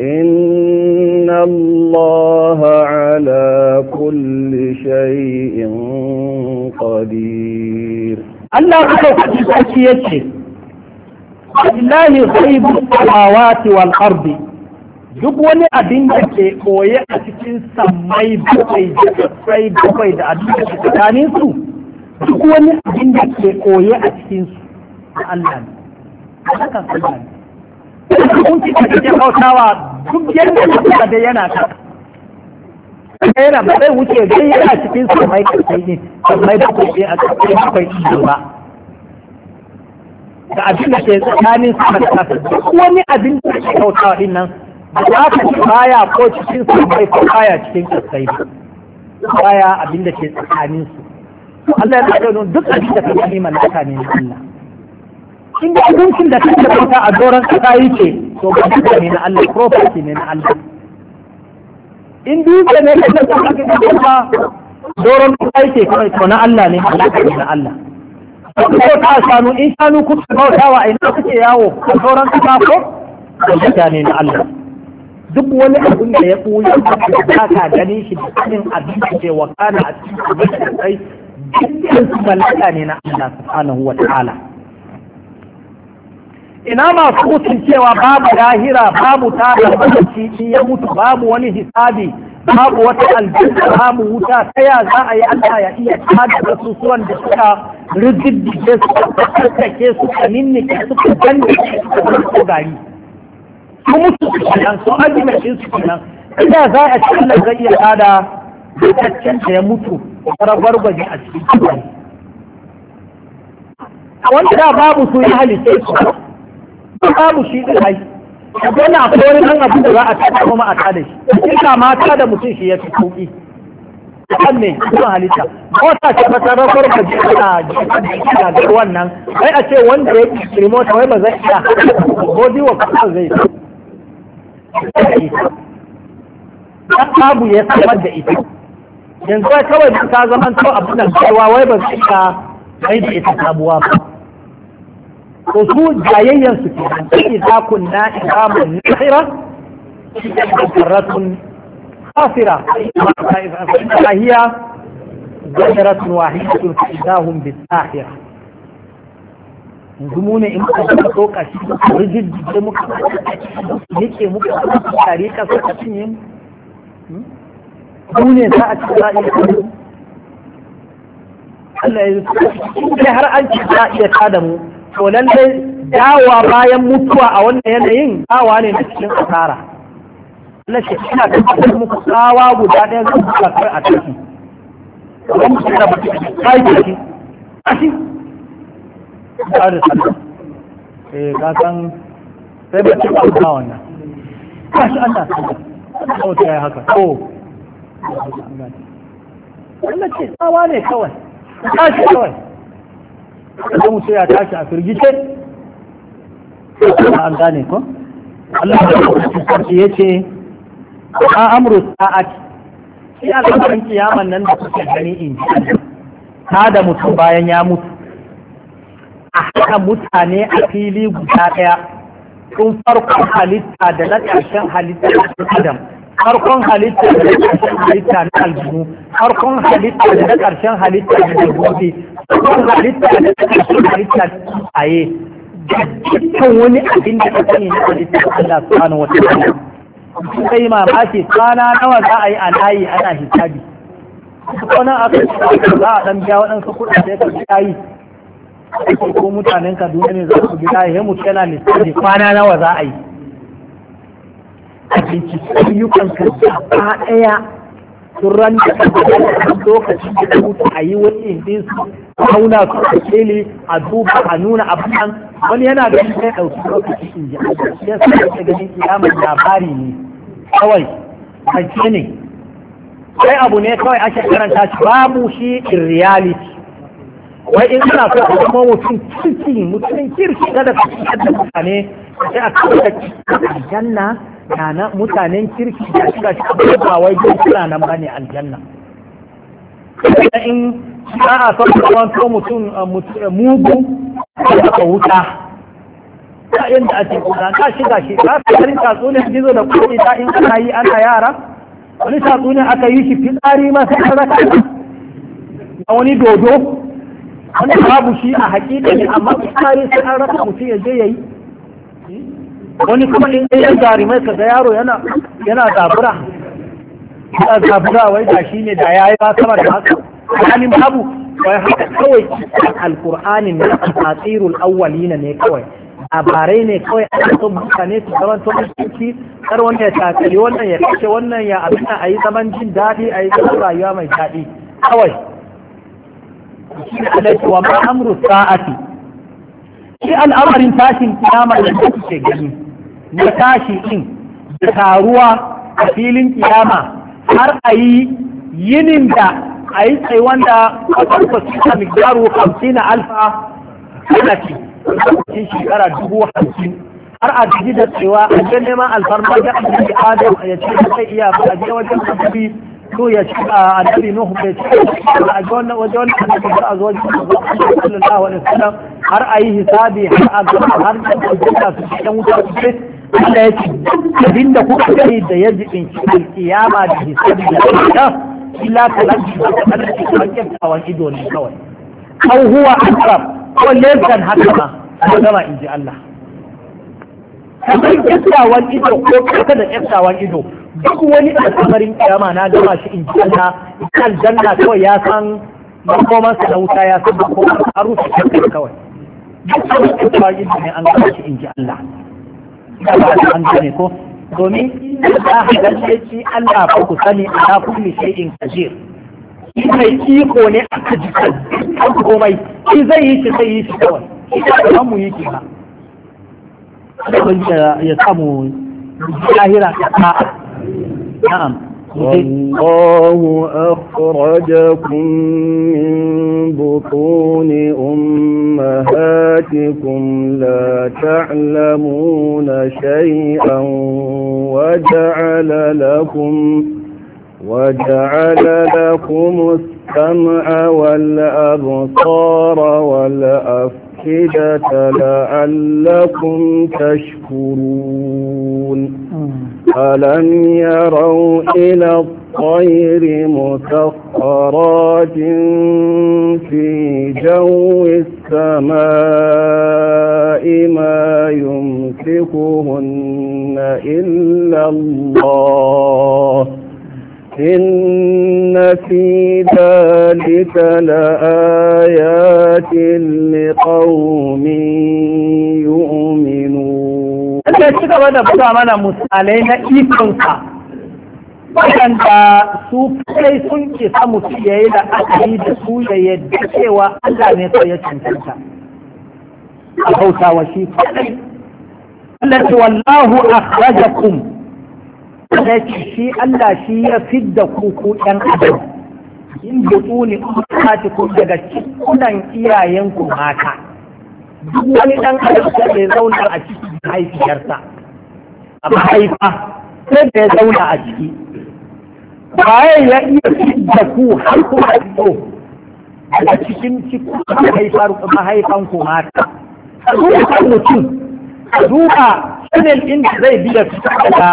إن الله على كل شيء قدير الله أكبر لله غيب السماوات والأرض duk wani abin da ke koye a cikin sammai bakwai da bakwai da abin da ke tsakanin su duk wani abin da ke koye a cikin su Allah ne a haka Allah ne kun ci kake kautawa duk yadda kuka da yana ka yana ba zai wuce dai yana cikin su mai kai ne mai da kuke a cikin akwai ido ba da abin da ke tsakanin su da kasa duk wani abin da ke kautawa din nan ba za ka ci baya ko cikin su mai ko baya cikin kasai ba baya abin da ke tsakanin su Allah ya tsada don duk abin da yi gani mallaka ne na Allah in da abincin da kake bauta a doron kasa yake to ba duka ne na Allah property ne na Allah in duka ne ka tsada ka ba bauta doron kasa yake kawai to na Allah ne mallaka ne na Allah ko ta sanu in shanu ta bautawa a ina kuke yawo a doron ka ko to duka ne na Allah duk wani abin da ya ɓoye ba ka gani shi da cikin abin da ke wakana a cikin abin da kai cikin mallaka ne na Allah subhanahu wa ta'ala ina masu mutum cewa babu lahira babu tada mace ya mutu babu wani hisabi babu wata aljanna babu wuta ta ya za a yi Allah ya iya tada kasusuwan da suka rigidige su tsarkake suka ninnike suka su suka ko gari su mutu kenan su ajiye su kenan ina za a ci Allah zai iya tada fitaccen da ya mutu rabar gwaje a cikin a wanda da babu su ya halitta su babu shi din hai yana a wani nan abin da za a tada kuma a tada shi ina mata da mutum shi ya fi sauƙi kan ne kuma halitta mota ce ta sarrafar ka ji ana jikin da wannan sai a ce wanda ya kirkiri mota wai ba zai iya godi wa kasar zai ta babu ya samar da ita yanzu wai kawai da ka zama to abin da wai ba su ka kai da ita sabuwa ba to su jayayyan su kenan idza na iqamun nahira karratun khasira fa hiya zahratun wahidatun fa idahum bisahira yanzu mu ne in muka suka tsoka shi rigid da muka nike muka tare kasa a cinye mu su ne za a ci za a iya kawo Allah ya yi har an ci za a iya kada mu to lallai dawa bayan mutuwa a wannan yanayin dawa ne na cikin asara Allah shi ina tabbatar muku tsawa guda ɗaya zan buga kar a ciki kamar ba da mutum da ya ci kashi ba da sallah eh ka san sai ba ci ba wannan kashi Allah sallah ko ta haka ko wannan ce tsawa ne kawai tashi kawai da mu ya tashi a firgice an gane ko Allah ya ce sarki ya ce a amru sa'at shi a kan kiyaman nan da kuke gani in ji ta da mutum bayan ya mutu a haka mutane a fili guda ɗaya tun farkon halitta da na ƙarshen halitta a da adam farkon halitta da ƙarshen halitta na aljinu farkon halitta da karshen halitta na dabbobi farkon halitta da ƙarshen halitta na tsaye da dukkan wani abin da ka sani na halitta Allah subhanahu wa ta'ala sai mamaki kwana nawa za a yi a layi ana hisabi wani aka ce za a ɗan biya waɗansu kuɗaɗe ka biya yi ko mutanen Kaduna ne za su biya Ya mutu yana lissafi kwana nawa za a yi a binciki ayyukanka gaba ɗaya sun ranta a lokacin da ta a yi wani indin su auna su a kele a duba a nuna abin wani yana da shi kai ɗauki lokacin inji shi ya sa ta kiyamar labari ne kawai hanke ne sai abu ne kawai ake karanta shi babu shi in reality wai in kana so ka zama mutum kirki mutum kirki kada ka fitar da mutane sai a kawai a janna na mutanen kirki da suka shafi ba wai suna nan ne aljanna in ba a son kawan to mutum mugu da wuta ta yadda ake da ta shiga shi ta fi tatsuniyar gizo da kuɗi ta in ana yi ana yara wani tatsuniyar aka yi shi fitsari ma sai kaza kaza wani dodo wani babu shi a haƙiƙa ne amma fitsari sai an rasa mutum ya je ya yi wani kuma in ɗaya jarumai ka ga yaro yana yana zabura yana zabura wai da shi ne da ya yi ba sama da haka kanin babu wai haka kawai Alƙur'ani ne a tasirul awwalina ne kawai labarai ne kawai aka so mutane su zaman to mutunci kar wanda ya tafi wannan ya kashe wannan ya abinda a yi zaman jin daɗi a yi zaman rayuwa mai daɗi kawai shi ne alaiki wa ma'amuru sa'ati shi al'amarin tashin kiyama da kuke gani na tashi in da taruwa a filin kiyama har a yi yinin da a yi tsaye wanda a farfashi a migdaru hamsin na alfa sanaki cikin shekara dubu hamsin har a jiki da tsayewa a je neman alfarma da abin da adam ya ce da zai iya ba a je wajen annabi to ya ce a annabi nuhu bai ce a je wannan waje wannan annabi za a zo wajen annabi sallallahu alaihi wasallam har a yi hisabi har a har da su cikin wuta su ce Allah ya ce abin da kuka gani da ya jibin cikin kiyama da hisabi da kiyama illa kalanci da kalanci da kyaftawan ido ne kawai aw huwa akrab ko lesan haka ma ko gama in ji Allah kamar kyaftawan ido ko kaka da kyaftawan ido duk wani al'amarin kiyama na gama shi in ji Allah kan janna kawai ya san makomansa na wuta ya san makomansa a rufe kawai duk wani kyaftawan ido ne an gama shi in ji Allah da ba da an ne ko domin za a lalle shi Allah ba ku sani a ala kulli shay'in kajir shi mai iko ne a kajikan an komai shi zai yi shi zai yi shi kawai shi da mu yi ki ba ya samu lahira ta na'am والله أخرجكم من بطون أمهاتكم لا تعلمون شيئا وجعل لكم وجعل لكم السمع والأبصار والأفئدة الواحدة لعلكم تشكرون ألم يروا إلى الطير مسخرات في جو السماء ما يمسكهن إلا الله إن في ذلك لآيات لقوم يؤمنون Allah ci gaba da buga mana misalai na ikonsa waɗanda su kai sun ke samu fiye da akali da su ya yadda cewa Allah ne kawai ya cancanta a bautawa shi kaɗai Allah ce wallahu akhrajakum na ce shi Allah shi ya fidda kuku ɗan adam in butuni ummatikum daga cikunan iyayenku mata duk wani ɗan adam da zauna a cikin mahaifiyarsa a mahaifa sai da ya zauna a ciki bayan ya iya fidda ku har kuma fito daga cikin mahaifar mahaifanku mata a zuwa mutum a zuwa sanin inda zai biya fita daga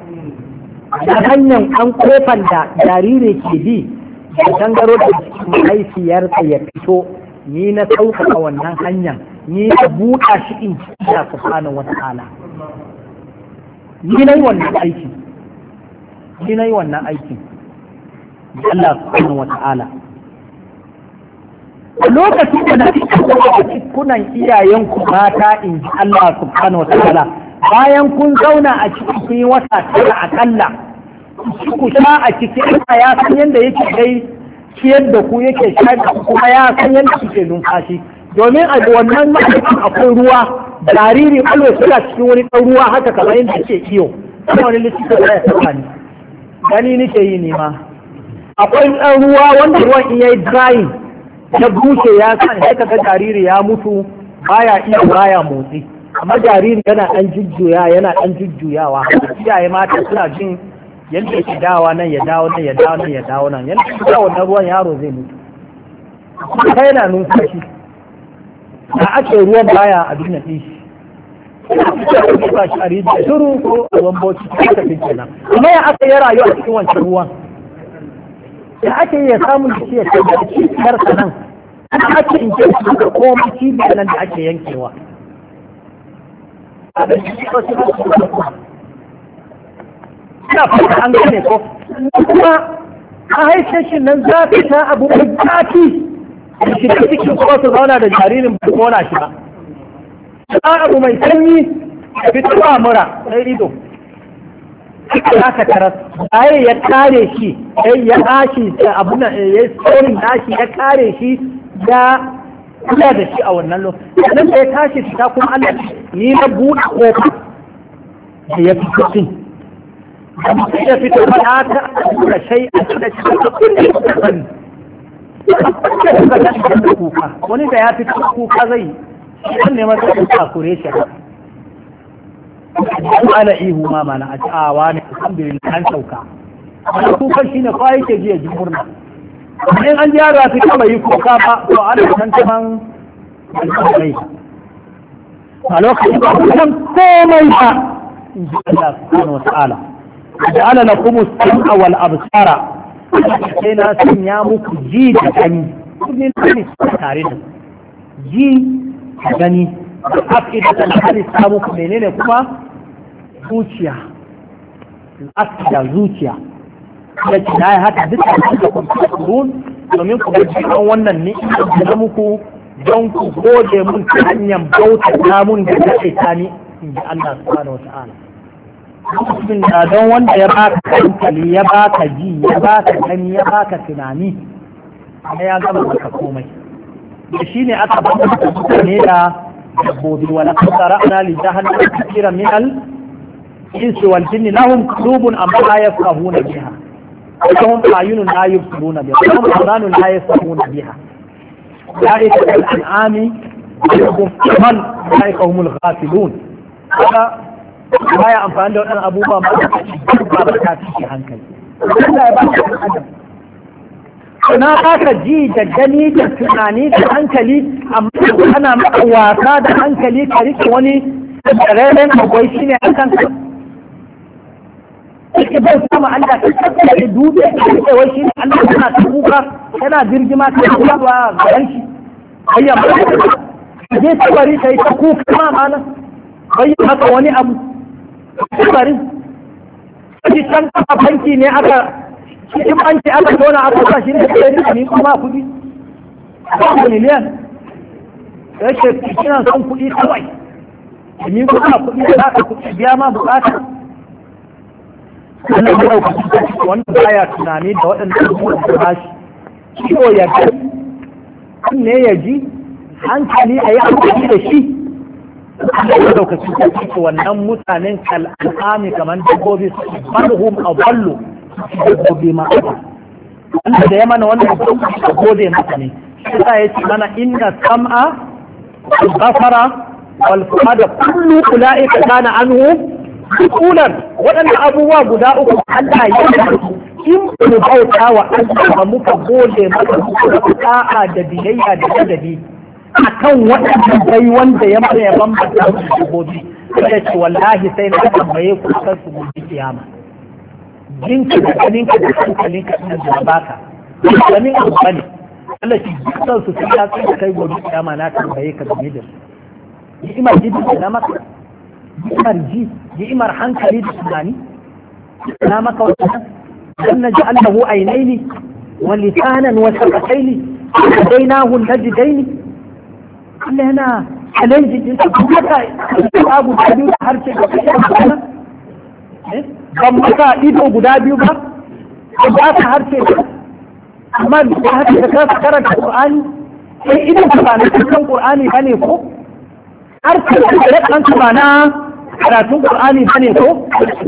da hanyar an kofar da jariri ke bi da tangaro da mahaifiyarsa ya fito ni na sauƙaƙa wannan hanyar ni na buɗa shi in su subhanahu wata ala. ni na yi wannan aiki ni na yi wannan aikin da Allah subhanahu Wata Ala. a lokacin da na fi kuna iyayen ku mata in ji Allah subhanahu Wata Ala. bayan kun zauna a cikin kun yi wata tara akalla ku sha a cikin ina ya san yadda yake kai ciyar da ku yake shayar da ku kuma ya san yadda kuke numfashi domin a wannan ma'aikacin akwai ruwa jariri always suna cikin wani ɗan ruwa haka kamar yadda ake iyo kuma wani littafi da ya saba ni gani nake yi nema. akwai ɗan ruwa wanda ruwan in yayi drying ya bushe ya sa ne sai kaga jariri ya mutu baya iya baya motsi kamar jariri yana ɗan jujjuya yana ɗan jujjuyawa iyaye mata suna jin yadda yake dawa nan ya dawo nan ya dawo nan ya dawo nan yadda yake dawo wannan ruwan yaro zai mutu kuma yana numfashi da ake ruwan baya a duniya ɗin shi ba shi a rijiya shuru ko a ruwan bauchi ta tafi kenan kuma ya aka yi rayuwa a cikin wancan ruwan ya ake ya samun shi ya tafi a cikin nan ake in ke shi da komai cibiyar nan da ake yankewa ina fata an gane ko kuma a shi nan za ta ta abu mai zafi da shi cikin kuma su zauna da jaririn ba kona shi ba ta abu mai sanyi da fito mura sai ido za ka taras eh, yi ya kare shi ya ashi da abu ya tsorin ya kare shi ya kula da shi a wannan lokacin nan da ya tashi fita kuma Allah ni na buɗe kofa da ya fito sun da mutum ya fito ba ta ta da shai a cikin shi da kuɗin da ya sani wani da ya fito kuka zai wani ne masa da kure shi ana ihu ma mana a ne, awa ne alhamdulillah an sauka wani kukan shi ne kwa ke jiya jimurna in an gyara su kama yi koka ba to ana tantaman alƙalai a lokacin ba san komai ba in ji Allah subhanahu wa da ala na kuma sama awal absara sai na ya muku ji da gani kudin ne tare da ji da gani afidatan samu muku menene kuma zuciya da zuciya ya ce na haka duk da da kunturun domin ku ga an wannan ina da ku don ku goge mun ta hanyar bauta namun da ta ta ni in ji Allah subhanahu wata'ala mutumin da don wanda ya ba ka hankali ya ba ka ji ya ba ka gani ya ba ka tunani amma ya gama maka komai da shi ne aka ba mutane da dabbobi wani kasara ana li jahannama kathira min al insi wal jinni lahum qulubun amma la yafqahuna biha لهم أعين لا يبصرون بها لهم أذان لا يسمعون بها أولئك كالأنعام بل أولئك هم الغافلون هذا ما ينفعون أن أبو ما ما في عنك Allah ya ba na baka ji da gani da tunani da hankali amma ana wasa da hankali ka rike wani da rairen akwai shine akan kake bai sama Allah ta tattala da dutse ka ce wai shi Allah kana ta kuka kana birgima kana kuka ga ranki ayya ba je tabari kai ta kuka ma mana bai haka wani abu tabari kaji san kafa banki ne aka cikin banki aka tona aka sa shi ne kai ni kuma kudi ba miliyan yake kina son kudi kawai ni kuma kudi za ka kudi biya ma bukata wannan maɗaukacin sarki wanda baya tunani da waɗanda abubuwan da ba shi ciwo ya ga ne ya ji hankali a yi amfani da shi Allah maɗaukacin sarki wannan mutanen kal'ami kamar dabbobi su barhum a ballo dabbobi ma wanda da ya mana wannan da gode masa ne shi sa ya ce mana inna sam'a al-basara wal fuada kullu ulaika kana anhu kulan waɗannan abubuwa guda uku Allah ya yi in mu bauta wa Allah ba muka gode maka da'a da biyayya da ladabi akan waɗannan bai wanda ya mara ya bambanta su gobe sai ce wallahi sai na tambaye ku kan su gobe kiyama jinki da ganinka da hankalinka ina da baka domin abu ne, Allah shi dukkan su yi sai ya kai gobe kiyama na tambaye ka game da su jibi da na maka ni'imar ji ni'imar hankali da tunani na maka wannan dan na ji Allahu ainaini wa lisanan wa shaqataini hadainahu najdaini Allah yana challenge din ka haka abu da biyu har ce da eh? ban maka ido guda biyu ba ba ka harce ba amma da haka ka karanta Qur'ani sai idan ka ba na kan Qur'ani bane ko har ka da ɗan ba na karatun Qur'ani bane ko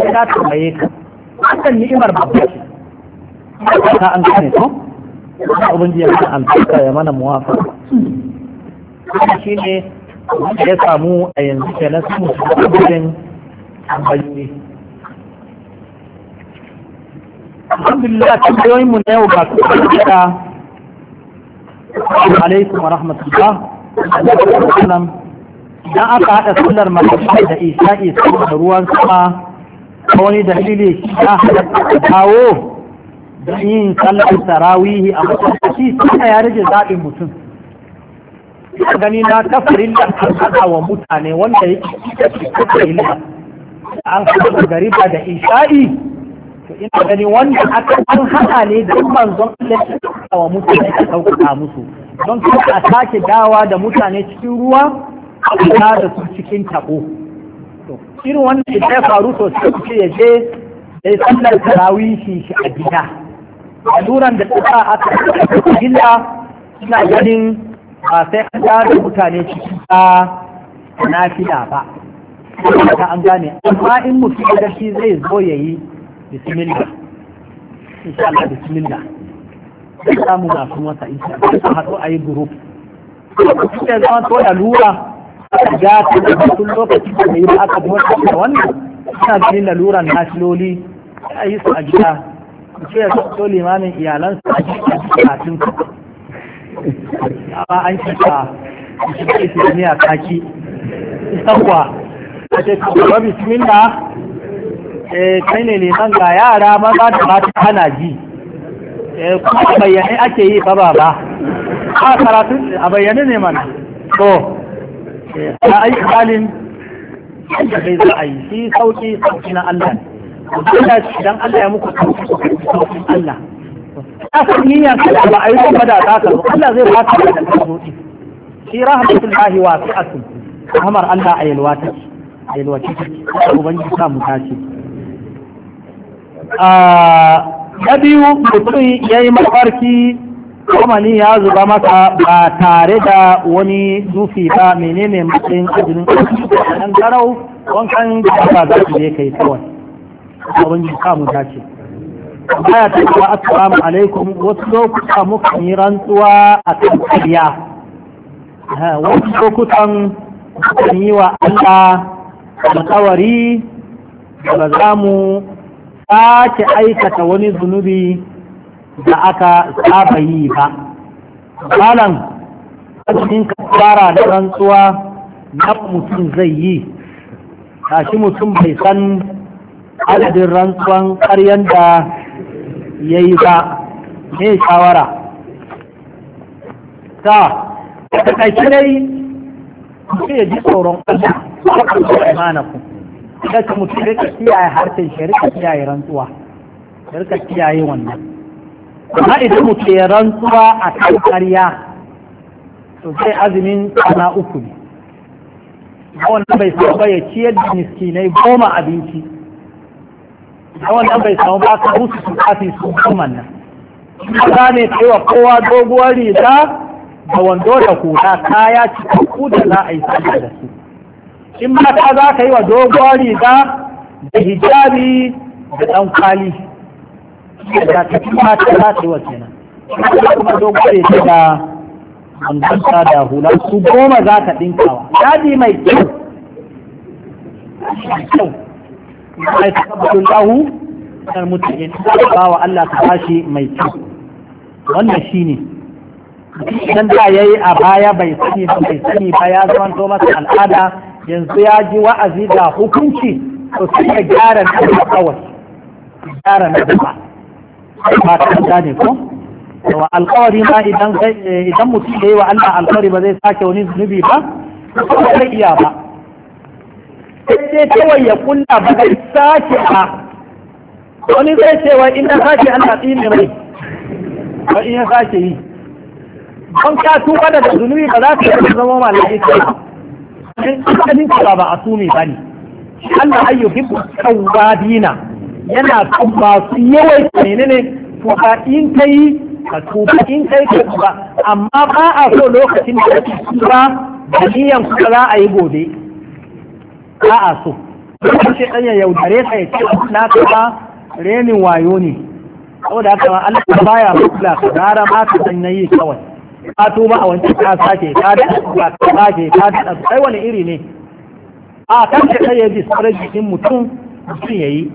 ta maye ka hakan ni'imar babba ce ka an gane ko Allah ubangiji ya mana albarka ya mana muwafaqa shi ne ya samu a yanzu kenan su mutum tambayoyi alhamdulillah tambayoyin mu na yau ba su da alaikum wa rahmatullah idan aka haɗa sunar magana da isa'i saboda ruwan sama ta wani dalili ya halatta kawo da yin kallon sarawihi a masallaci suna ya rage zaɓin mutum ina gani na kafarin da haɗa wa mutane wanda ya kika cikin illa an haɗa gariba da isa'i to ina gani wanda aka an haɗa ne da manzon Allah ya wa mutane ya sauƙaƙa musu don kuma a sake dawa da mutane cikin ruwa a da su cikin tabo to irin wannan idan ya faru to sai ce ya je sai sallar tarawihi shi a gida alluran da ta aka gilla ina ganin ba sai an da mutane cikin ta na fila ba ta an gane amma in mutum da shi zai zo ya yi bismillah insha Allah bismillah zai samu na kuma insha Allah haɗu a yi group da zama to da lura ja ta da tun lokaci da yi ba aka mota da wannan ina ganin laluran nasiloli a yi su a gida ce ya so limamin iyalansa a gida kafin Ya ba an ce ah, ka shiga islamiyya kaki yawwa a ce ka kuma bismillah eh kai ne liman ga yara maza da mata ana ji eh kuma bayanai ake yi ba ba ba a karatun a bayyane ne mana to A ai halin da zai za a yi shi sauki sauki na Allah Allah idan Allah ya muku sauki sauki Allah kasar niyya kada ba a yi kuma da ta karu Allah zai ba ka da sauki shi rahmatul lahi wasi'atu rahmar Allah a yalwa take a yalwa take ubangiji sa mu tashi a ah, na biyu mutum ya yi mafarki kamani ya zuba masa ba tare da wani zufi ba menene matsayin azumin nan garau wankan ba za su je kai kawai abin yi kamun dace baya ta kuma assalamu alaikum wasu lokuta muka yi rantsuwa a kan ƙarya wasu lokutan muka yi wa Allah alƙawari da ba za mu sake aikata wani zunubi da aka saba yi ba malam a cikin kafara da rantsuwa na mutum zai yi tashi mutum bai san adadin rantsuwan karyan da ya yi ba ne shawara ta da takaice dai mutum ya ji tsoron Allah imanaku daga mutum rika kiyaye harshen shi rika kiyaye rantsuwa rika kiyaye wannan amma idan muke ya rantsuwa a kan ƙarya to sai azumin kwana uku ne wannan bai samu ba ya ciyar da miskinai goma abinci wannan bai samu ba ka musu su kafin su goma nan za ne yi wa kowa doguwar riga da wando da hula kaya cikakku da za a yi sallah da su in mata za ka yi wa doguwar riga da hijabi da ɗan kwali da ta kuma za ta yi wa kenan kuma dogare ta da wandanta da hula su goma za ta ɗinkawa yadi mai kyau kyau mai tabbatun kan mutane ta ba wa Allah ta bashi mai kyau wannan shine idan da yayi a baya bai sani ba bai sani ba ya zama to masa al'ada yanzu ya ji wa'azi da hukunci to sai ya gyara na kawai gyara na gaba ba ta gane ko wa alƙawari ma idan idan mutum yayi wa Allah alƙawari ba zai sake wani zunubi ba ko zai iya ba sai dai kawai ya kunna ba zai sake ba wani zai ce wa in na sake Allah tsine mai ba in ya sake yi don ka tuba da zunubi ba za ka yi zama malaki kai in ka ba ba a sumi ba ne Allah ayyuhibbu tawwabina yana kan su yawai ne ne to a in ka yi ka tuba in yi ka tuba amma ba a so lokacin da ake tuba da niyan kuma za a yi gobe ba a so lokacin ɗan ya yaudare ka ya ce na tuba renin wayo ne saboda haka ma Allah baya kula ka gara ma ka san yi kawai ka tuba a wancan ka sake ka da ka sake ka da kai wani iri ne a kan ka ya ji jikin mutum mutum ya yi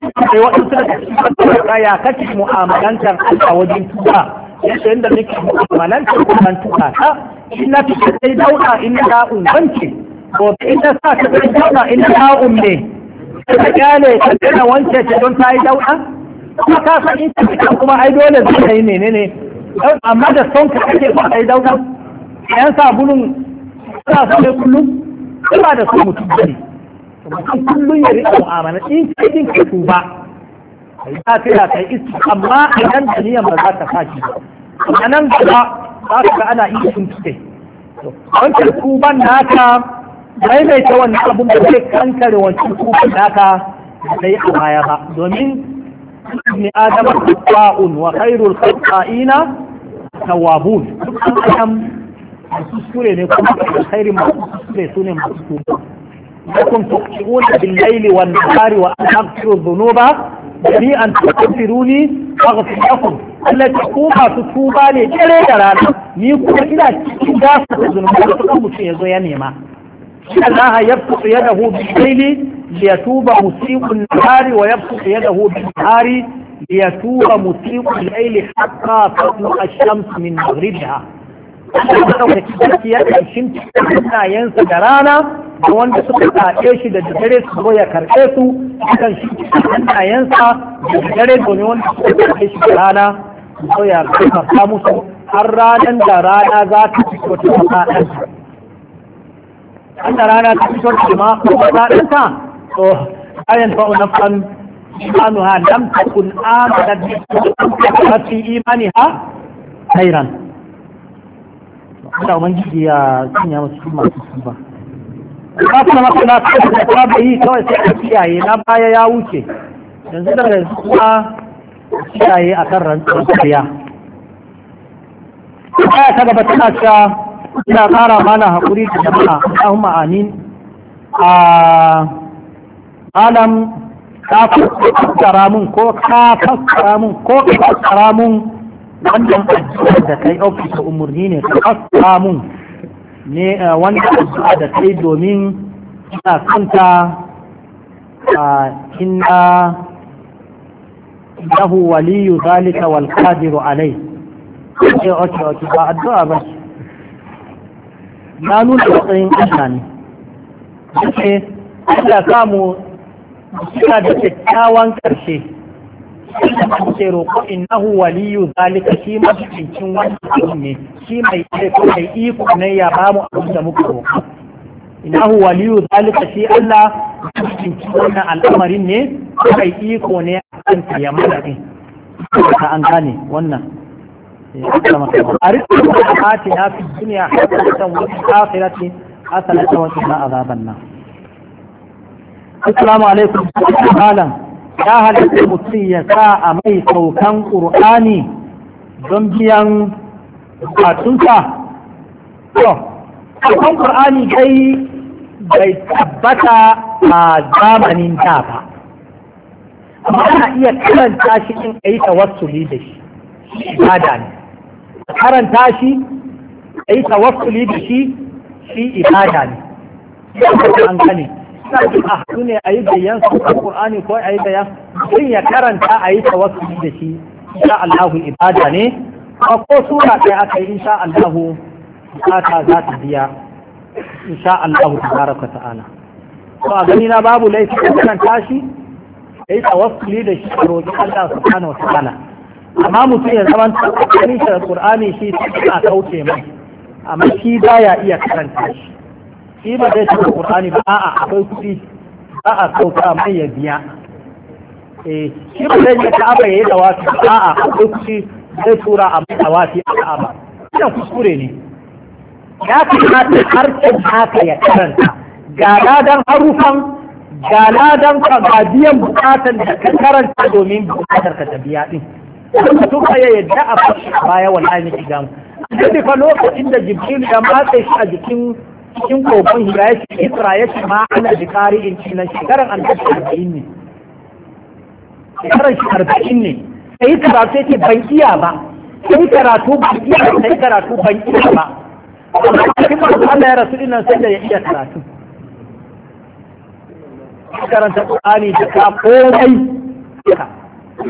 sai ƙasar da cikin tsaya mu'amalantar a wajen tuba yadda yadda nake mu'amalantar kusan tuba ta shi na fi sai dauɗa in na umbanci ko in na sa ta sai dauɗa in na umme ta kyale ta tsina wance ta don ta yi dauɗa kuma ka san in ta kuma ai dole zai yi menene amma da son ka ake ba ai dauɗa yan sabulun sa sai kullum ba da sun mutum bane mutum kullum ya riƙa mu'amala in cikin ka Kai ta fiya kai iska. amma idan da niyan ba za ta fashi a nan gaba za ka ga ana iya sun tuke wancan tuban naka maimaita wannan abun da zai kankare wancan tuban naka da yi a baya ba domin ni adama tawa'un wa khairul khata'ina tawabun duk an adam masu sure ne kuma khairin masu sure su ne masu tuba لكم تخطئون بالليل والنهار وأنا أغفر الذنوب جميعا تغفروني أغفر لكم Allah ce ko masu tuba ne kare da ni kuma ina cikin gasa da zunubi da kuma mutum ya zo ya nema Allah ya ya dahu bi daili wa min Allah madaukaki sarki ya kashin hannayensa da rana da wanda suka kaɗe shi da dare su zo ya karɓe su kan shi hannayensa da dare domin wanda suka kaɗe shi da rana su zo ya karɓa musu har ranar da rana za ta fito ta faɗan an da rana ta fito ta ma ko faɗan ta to ayan fa'u nafsan imanuha lam takun amanat bi imaniha khairan Allah ubangiji ya sanya cikin masu su ba kuma maka na kai da ta yi kawai sai a kiyaye na baya ya wuce yanzu da yanzu kuma kiyaye akan rantsuwar kariya aya ta gaba tana cewa ina kara mana haƙuri da jama'a amin a alam ka fassara mun ko ka mun ko ka mun wannan addu'a da kai ɗaukaka umarni ne ka kasta mun ne eh, wannan addu'a da kai domin ina kanta ah, inna lahu waliyu zalika wal qadiru alai ok eh, ok ok ba addu'a ba na nuna matsayin Allah ne yake Allah samu suka da kyakkyawan ƙarshe inda ba ce roƙo innahu waliyu zalika shi ma cikin wannan abu ne shi mai iko mai iko ne ya ba mu abin da muka roƙa innahu waliyu zalika shi Allah cikin wannan al'amarin ne kai iko ne kan ya mana ne ka an gane wannan eh, a rikin da aka na fi duniya hasalatan wani kafirati hasalatan wani na azaban nan assalamu alaikum malam ya halatta mutum ya sa a mai saukan ƙur'ani don biyan bukatunsa to saukan ƙur'ani dai bai tabbata a zamanin da ba amma ana iya karanta shi in a yi wasu da shi ibada ne karanta shi a yi wasu da shi shi ibada ne yau an gane sai a haɗu ne a yi bayan su a ko a yi bayan sun ya karanta a yi tawakkuli da shi insha Allahu ibada ne ko sura ɗaya aka yi insha Allahu ta za ta biya insha Allahu tabaraka ta'ala to a gani na babu laifi a karanta shi yi tawakkuli da shi a roƙi Allah subhanahu wa ta'ala amma mutum ya zama tsakanin shi da Qur'ani shi a kauce mai amma shi baya iya karanta shi shi ba zai taɓa ƙur'ani ba a'a akwai kuɗi ba a sauka mai ya biya eh shi ba zai ta aba yayi da wasu a'a akwai kuɗi zai tura a mai tawafi a ka'aba wannan kuskure ne ya har harshen haka ya karanta ga ladan harufan ga ladan ga biyan bukatan da ka karanta domin bukatar ka ta biya din mutum ya yadda a fashi baya wallahi ne shiga mu. Annabi lokacin da Jibril ya matse shi a jikin cikin kogon hira ya ce isra ya ce ma ana da ci nan. shekarar an tafi arba'in ne shekarar arba'in ne ka yi karatu ya ce ban iya ba ka yi karatu ban iya ba ka yi karatu ban iya ba amma cikin masu Allah ya rasu dinan sai da ya iya karatu karanta Qur'ani da ka komai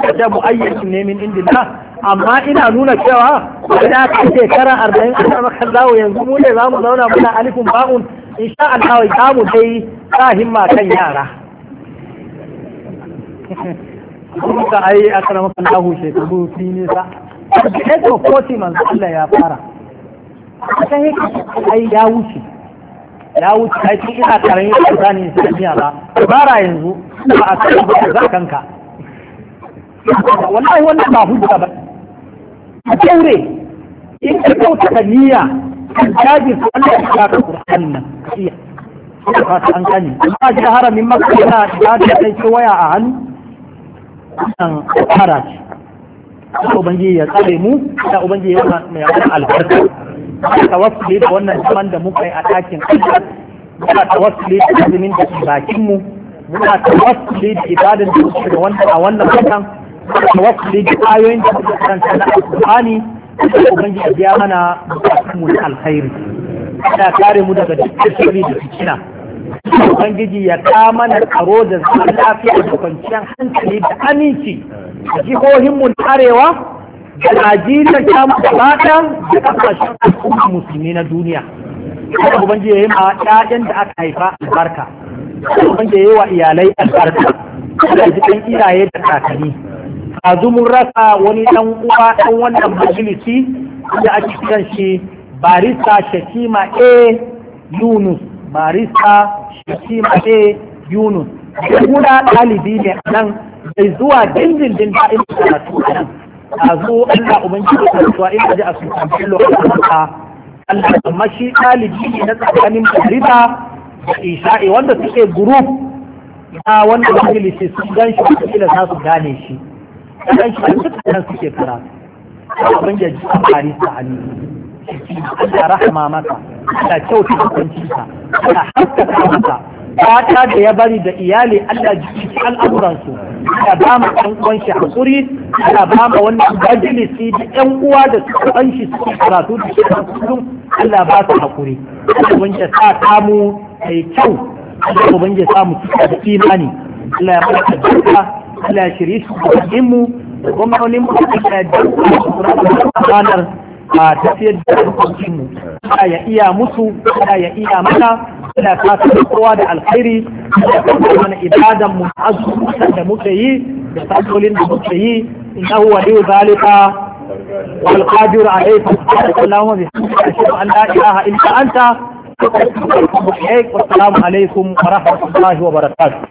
ka da mu'ayyin ne min indillah amma ina nuna cewa da ka shekara arba'in ana kan zawo yanzu mu ne za mu zauna muna alifin ba'un in sha Allah za mu dai sa himma kan yara kuma ka ai akara maka lahu shekaru fi nisa da ko kosi manzo Allah ya fara kan yake ai ya wuce ya wuce ai tun ina karamin kusani sai biya ba bara yanzu ba a san ba za kanka wallahi wannan ba hujja ba a daure in ka kauta da niyya kan daji su Allah ya ka Qur'an nan kasiya ka fata an gane amma shi haramin makka yana da ta kai waya a hannu kan fara shi Allah ubangiji ya tsare mu da ubangiji ya mai albarka wasule da wannan zaman da muka yi a ɗakin Allah muna tawassuli da azumin da bakin mu muna tawassuli da ibadan da muke da wannan a wannan watan tawakkali da ayoyin da suka karanta na alƙur'ani da ubangiji ya mana bukatun mu na alkhairi ya kare mu daga dukkan shiri da fitina ubangiji ya kama na tsaro da zaman lafiya da kwanciyar hankali da aminci a jihohin mu na arewa da Najeriya ta mu gabata da kasashen al'umma musulmi na duniya kuma ubangiji ya yi ma ƴaƴan da aka haifa albarka ubangiji ya yi wa iyalai albarka kuma da jikin iyaye da kakanni yanzu mun rasa wani dan uwa dan wannan majalisi da a cikin shi barista shakima a yunus barista shakima a yunus guda ɗalibi ne a nan bai zuwa dindindin da ina karatu a nan a zo allah ubangiji da ina ji a sultan bello a allah amma shi ɗalibi ne na tsakanin barista da isha'i wanda suke group na wannan majalisi sun gan shi wata kila za su gane shi ɗan shi dukkan suke karatu abin da ji amfani sa ali Allah rahama masa Allah kyauta hukuncinsa Allah haskaka maka. fata da ya bari da iyali Allah jiki al'amuransu ya ba mu ɗan uwan shi hakuri ya ba mu wannan majalisi da ƴan uwa da suka ɗan shi suka karatu da suka kullum Allah ba su hakuri Allah wanda sa kamu mu mai kyau Allah wanda sa mu cika da imani Allah ya ba ka duka Allah shirye su da mu da gwamnonin mu da ranar a tafiyar da harkokin mu Allah ya iya musu Allah ya iya mana Allah ka kowa da alkhairi Allah ka mana ibadan mu azumta da muke yi da sakolin da muke yi innahu waliyu zalika والقادر عليه سبحانك اللهم وبحمدك اشهد ان لا اله الا انت والسلام عليكم ورحمه الله وبركاته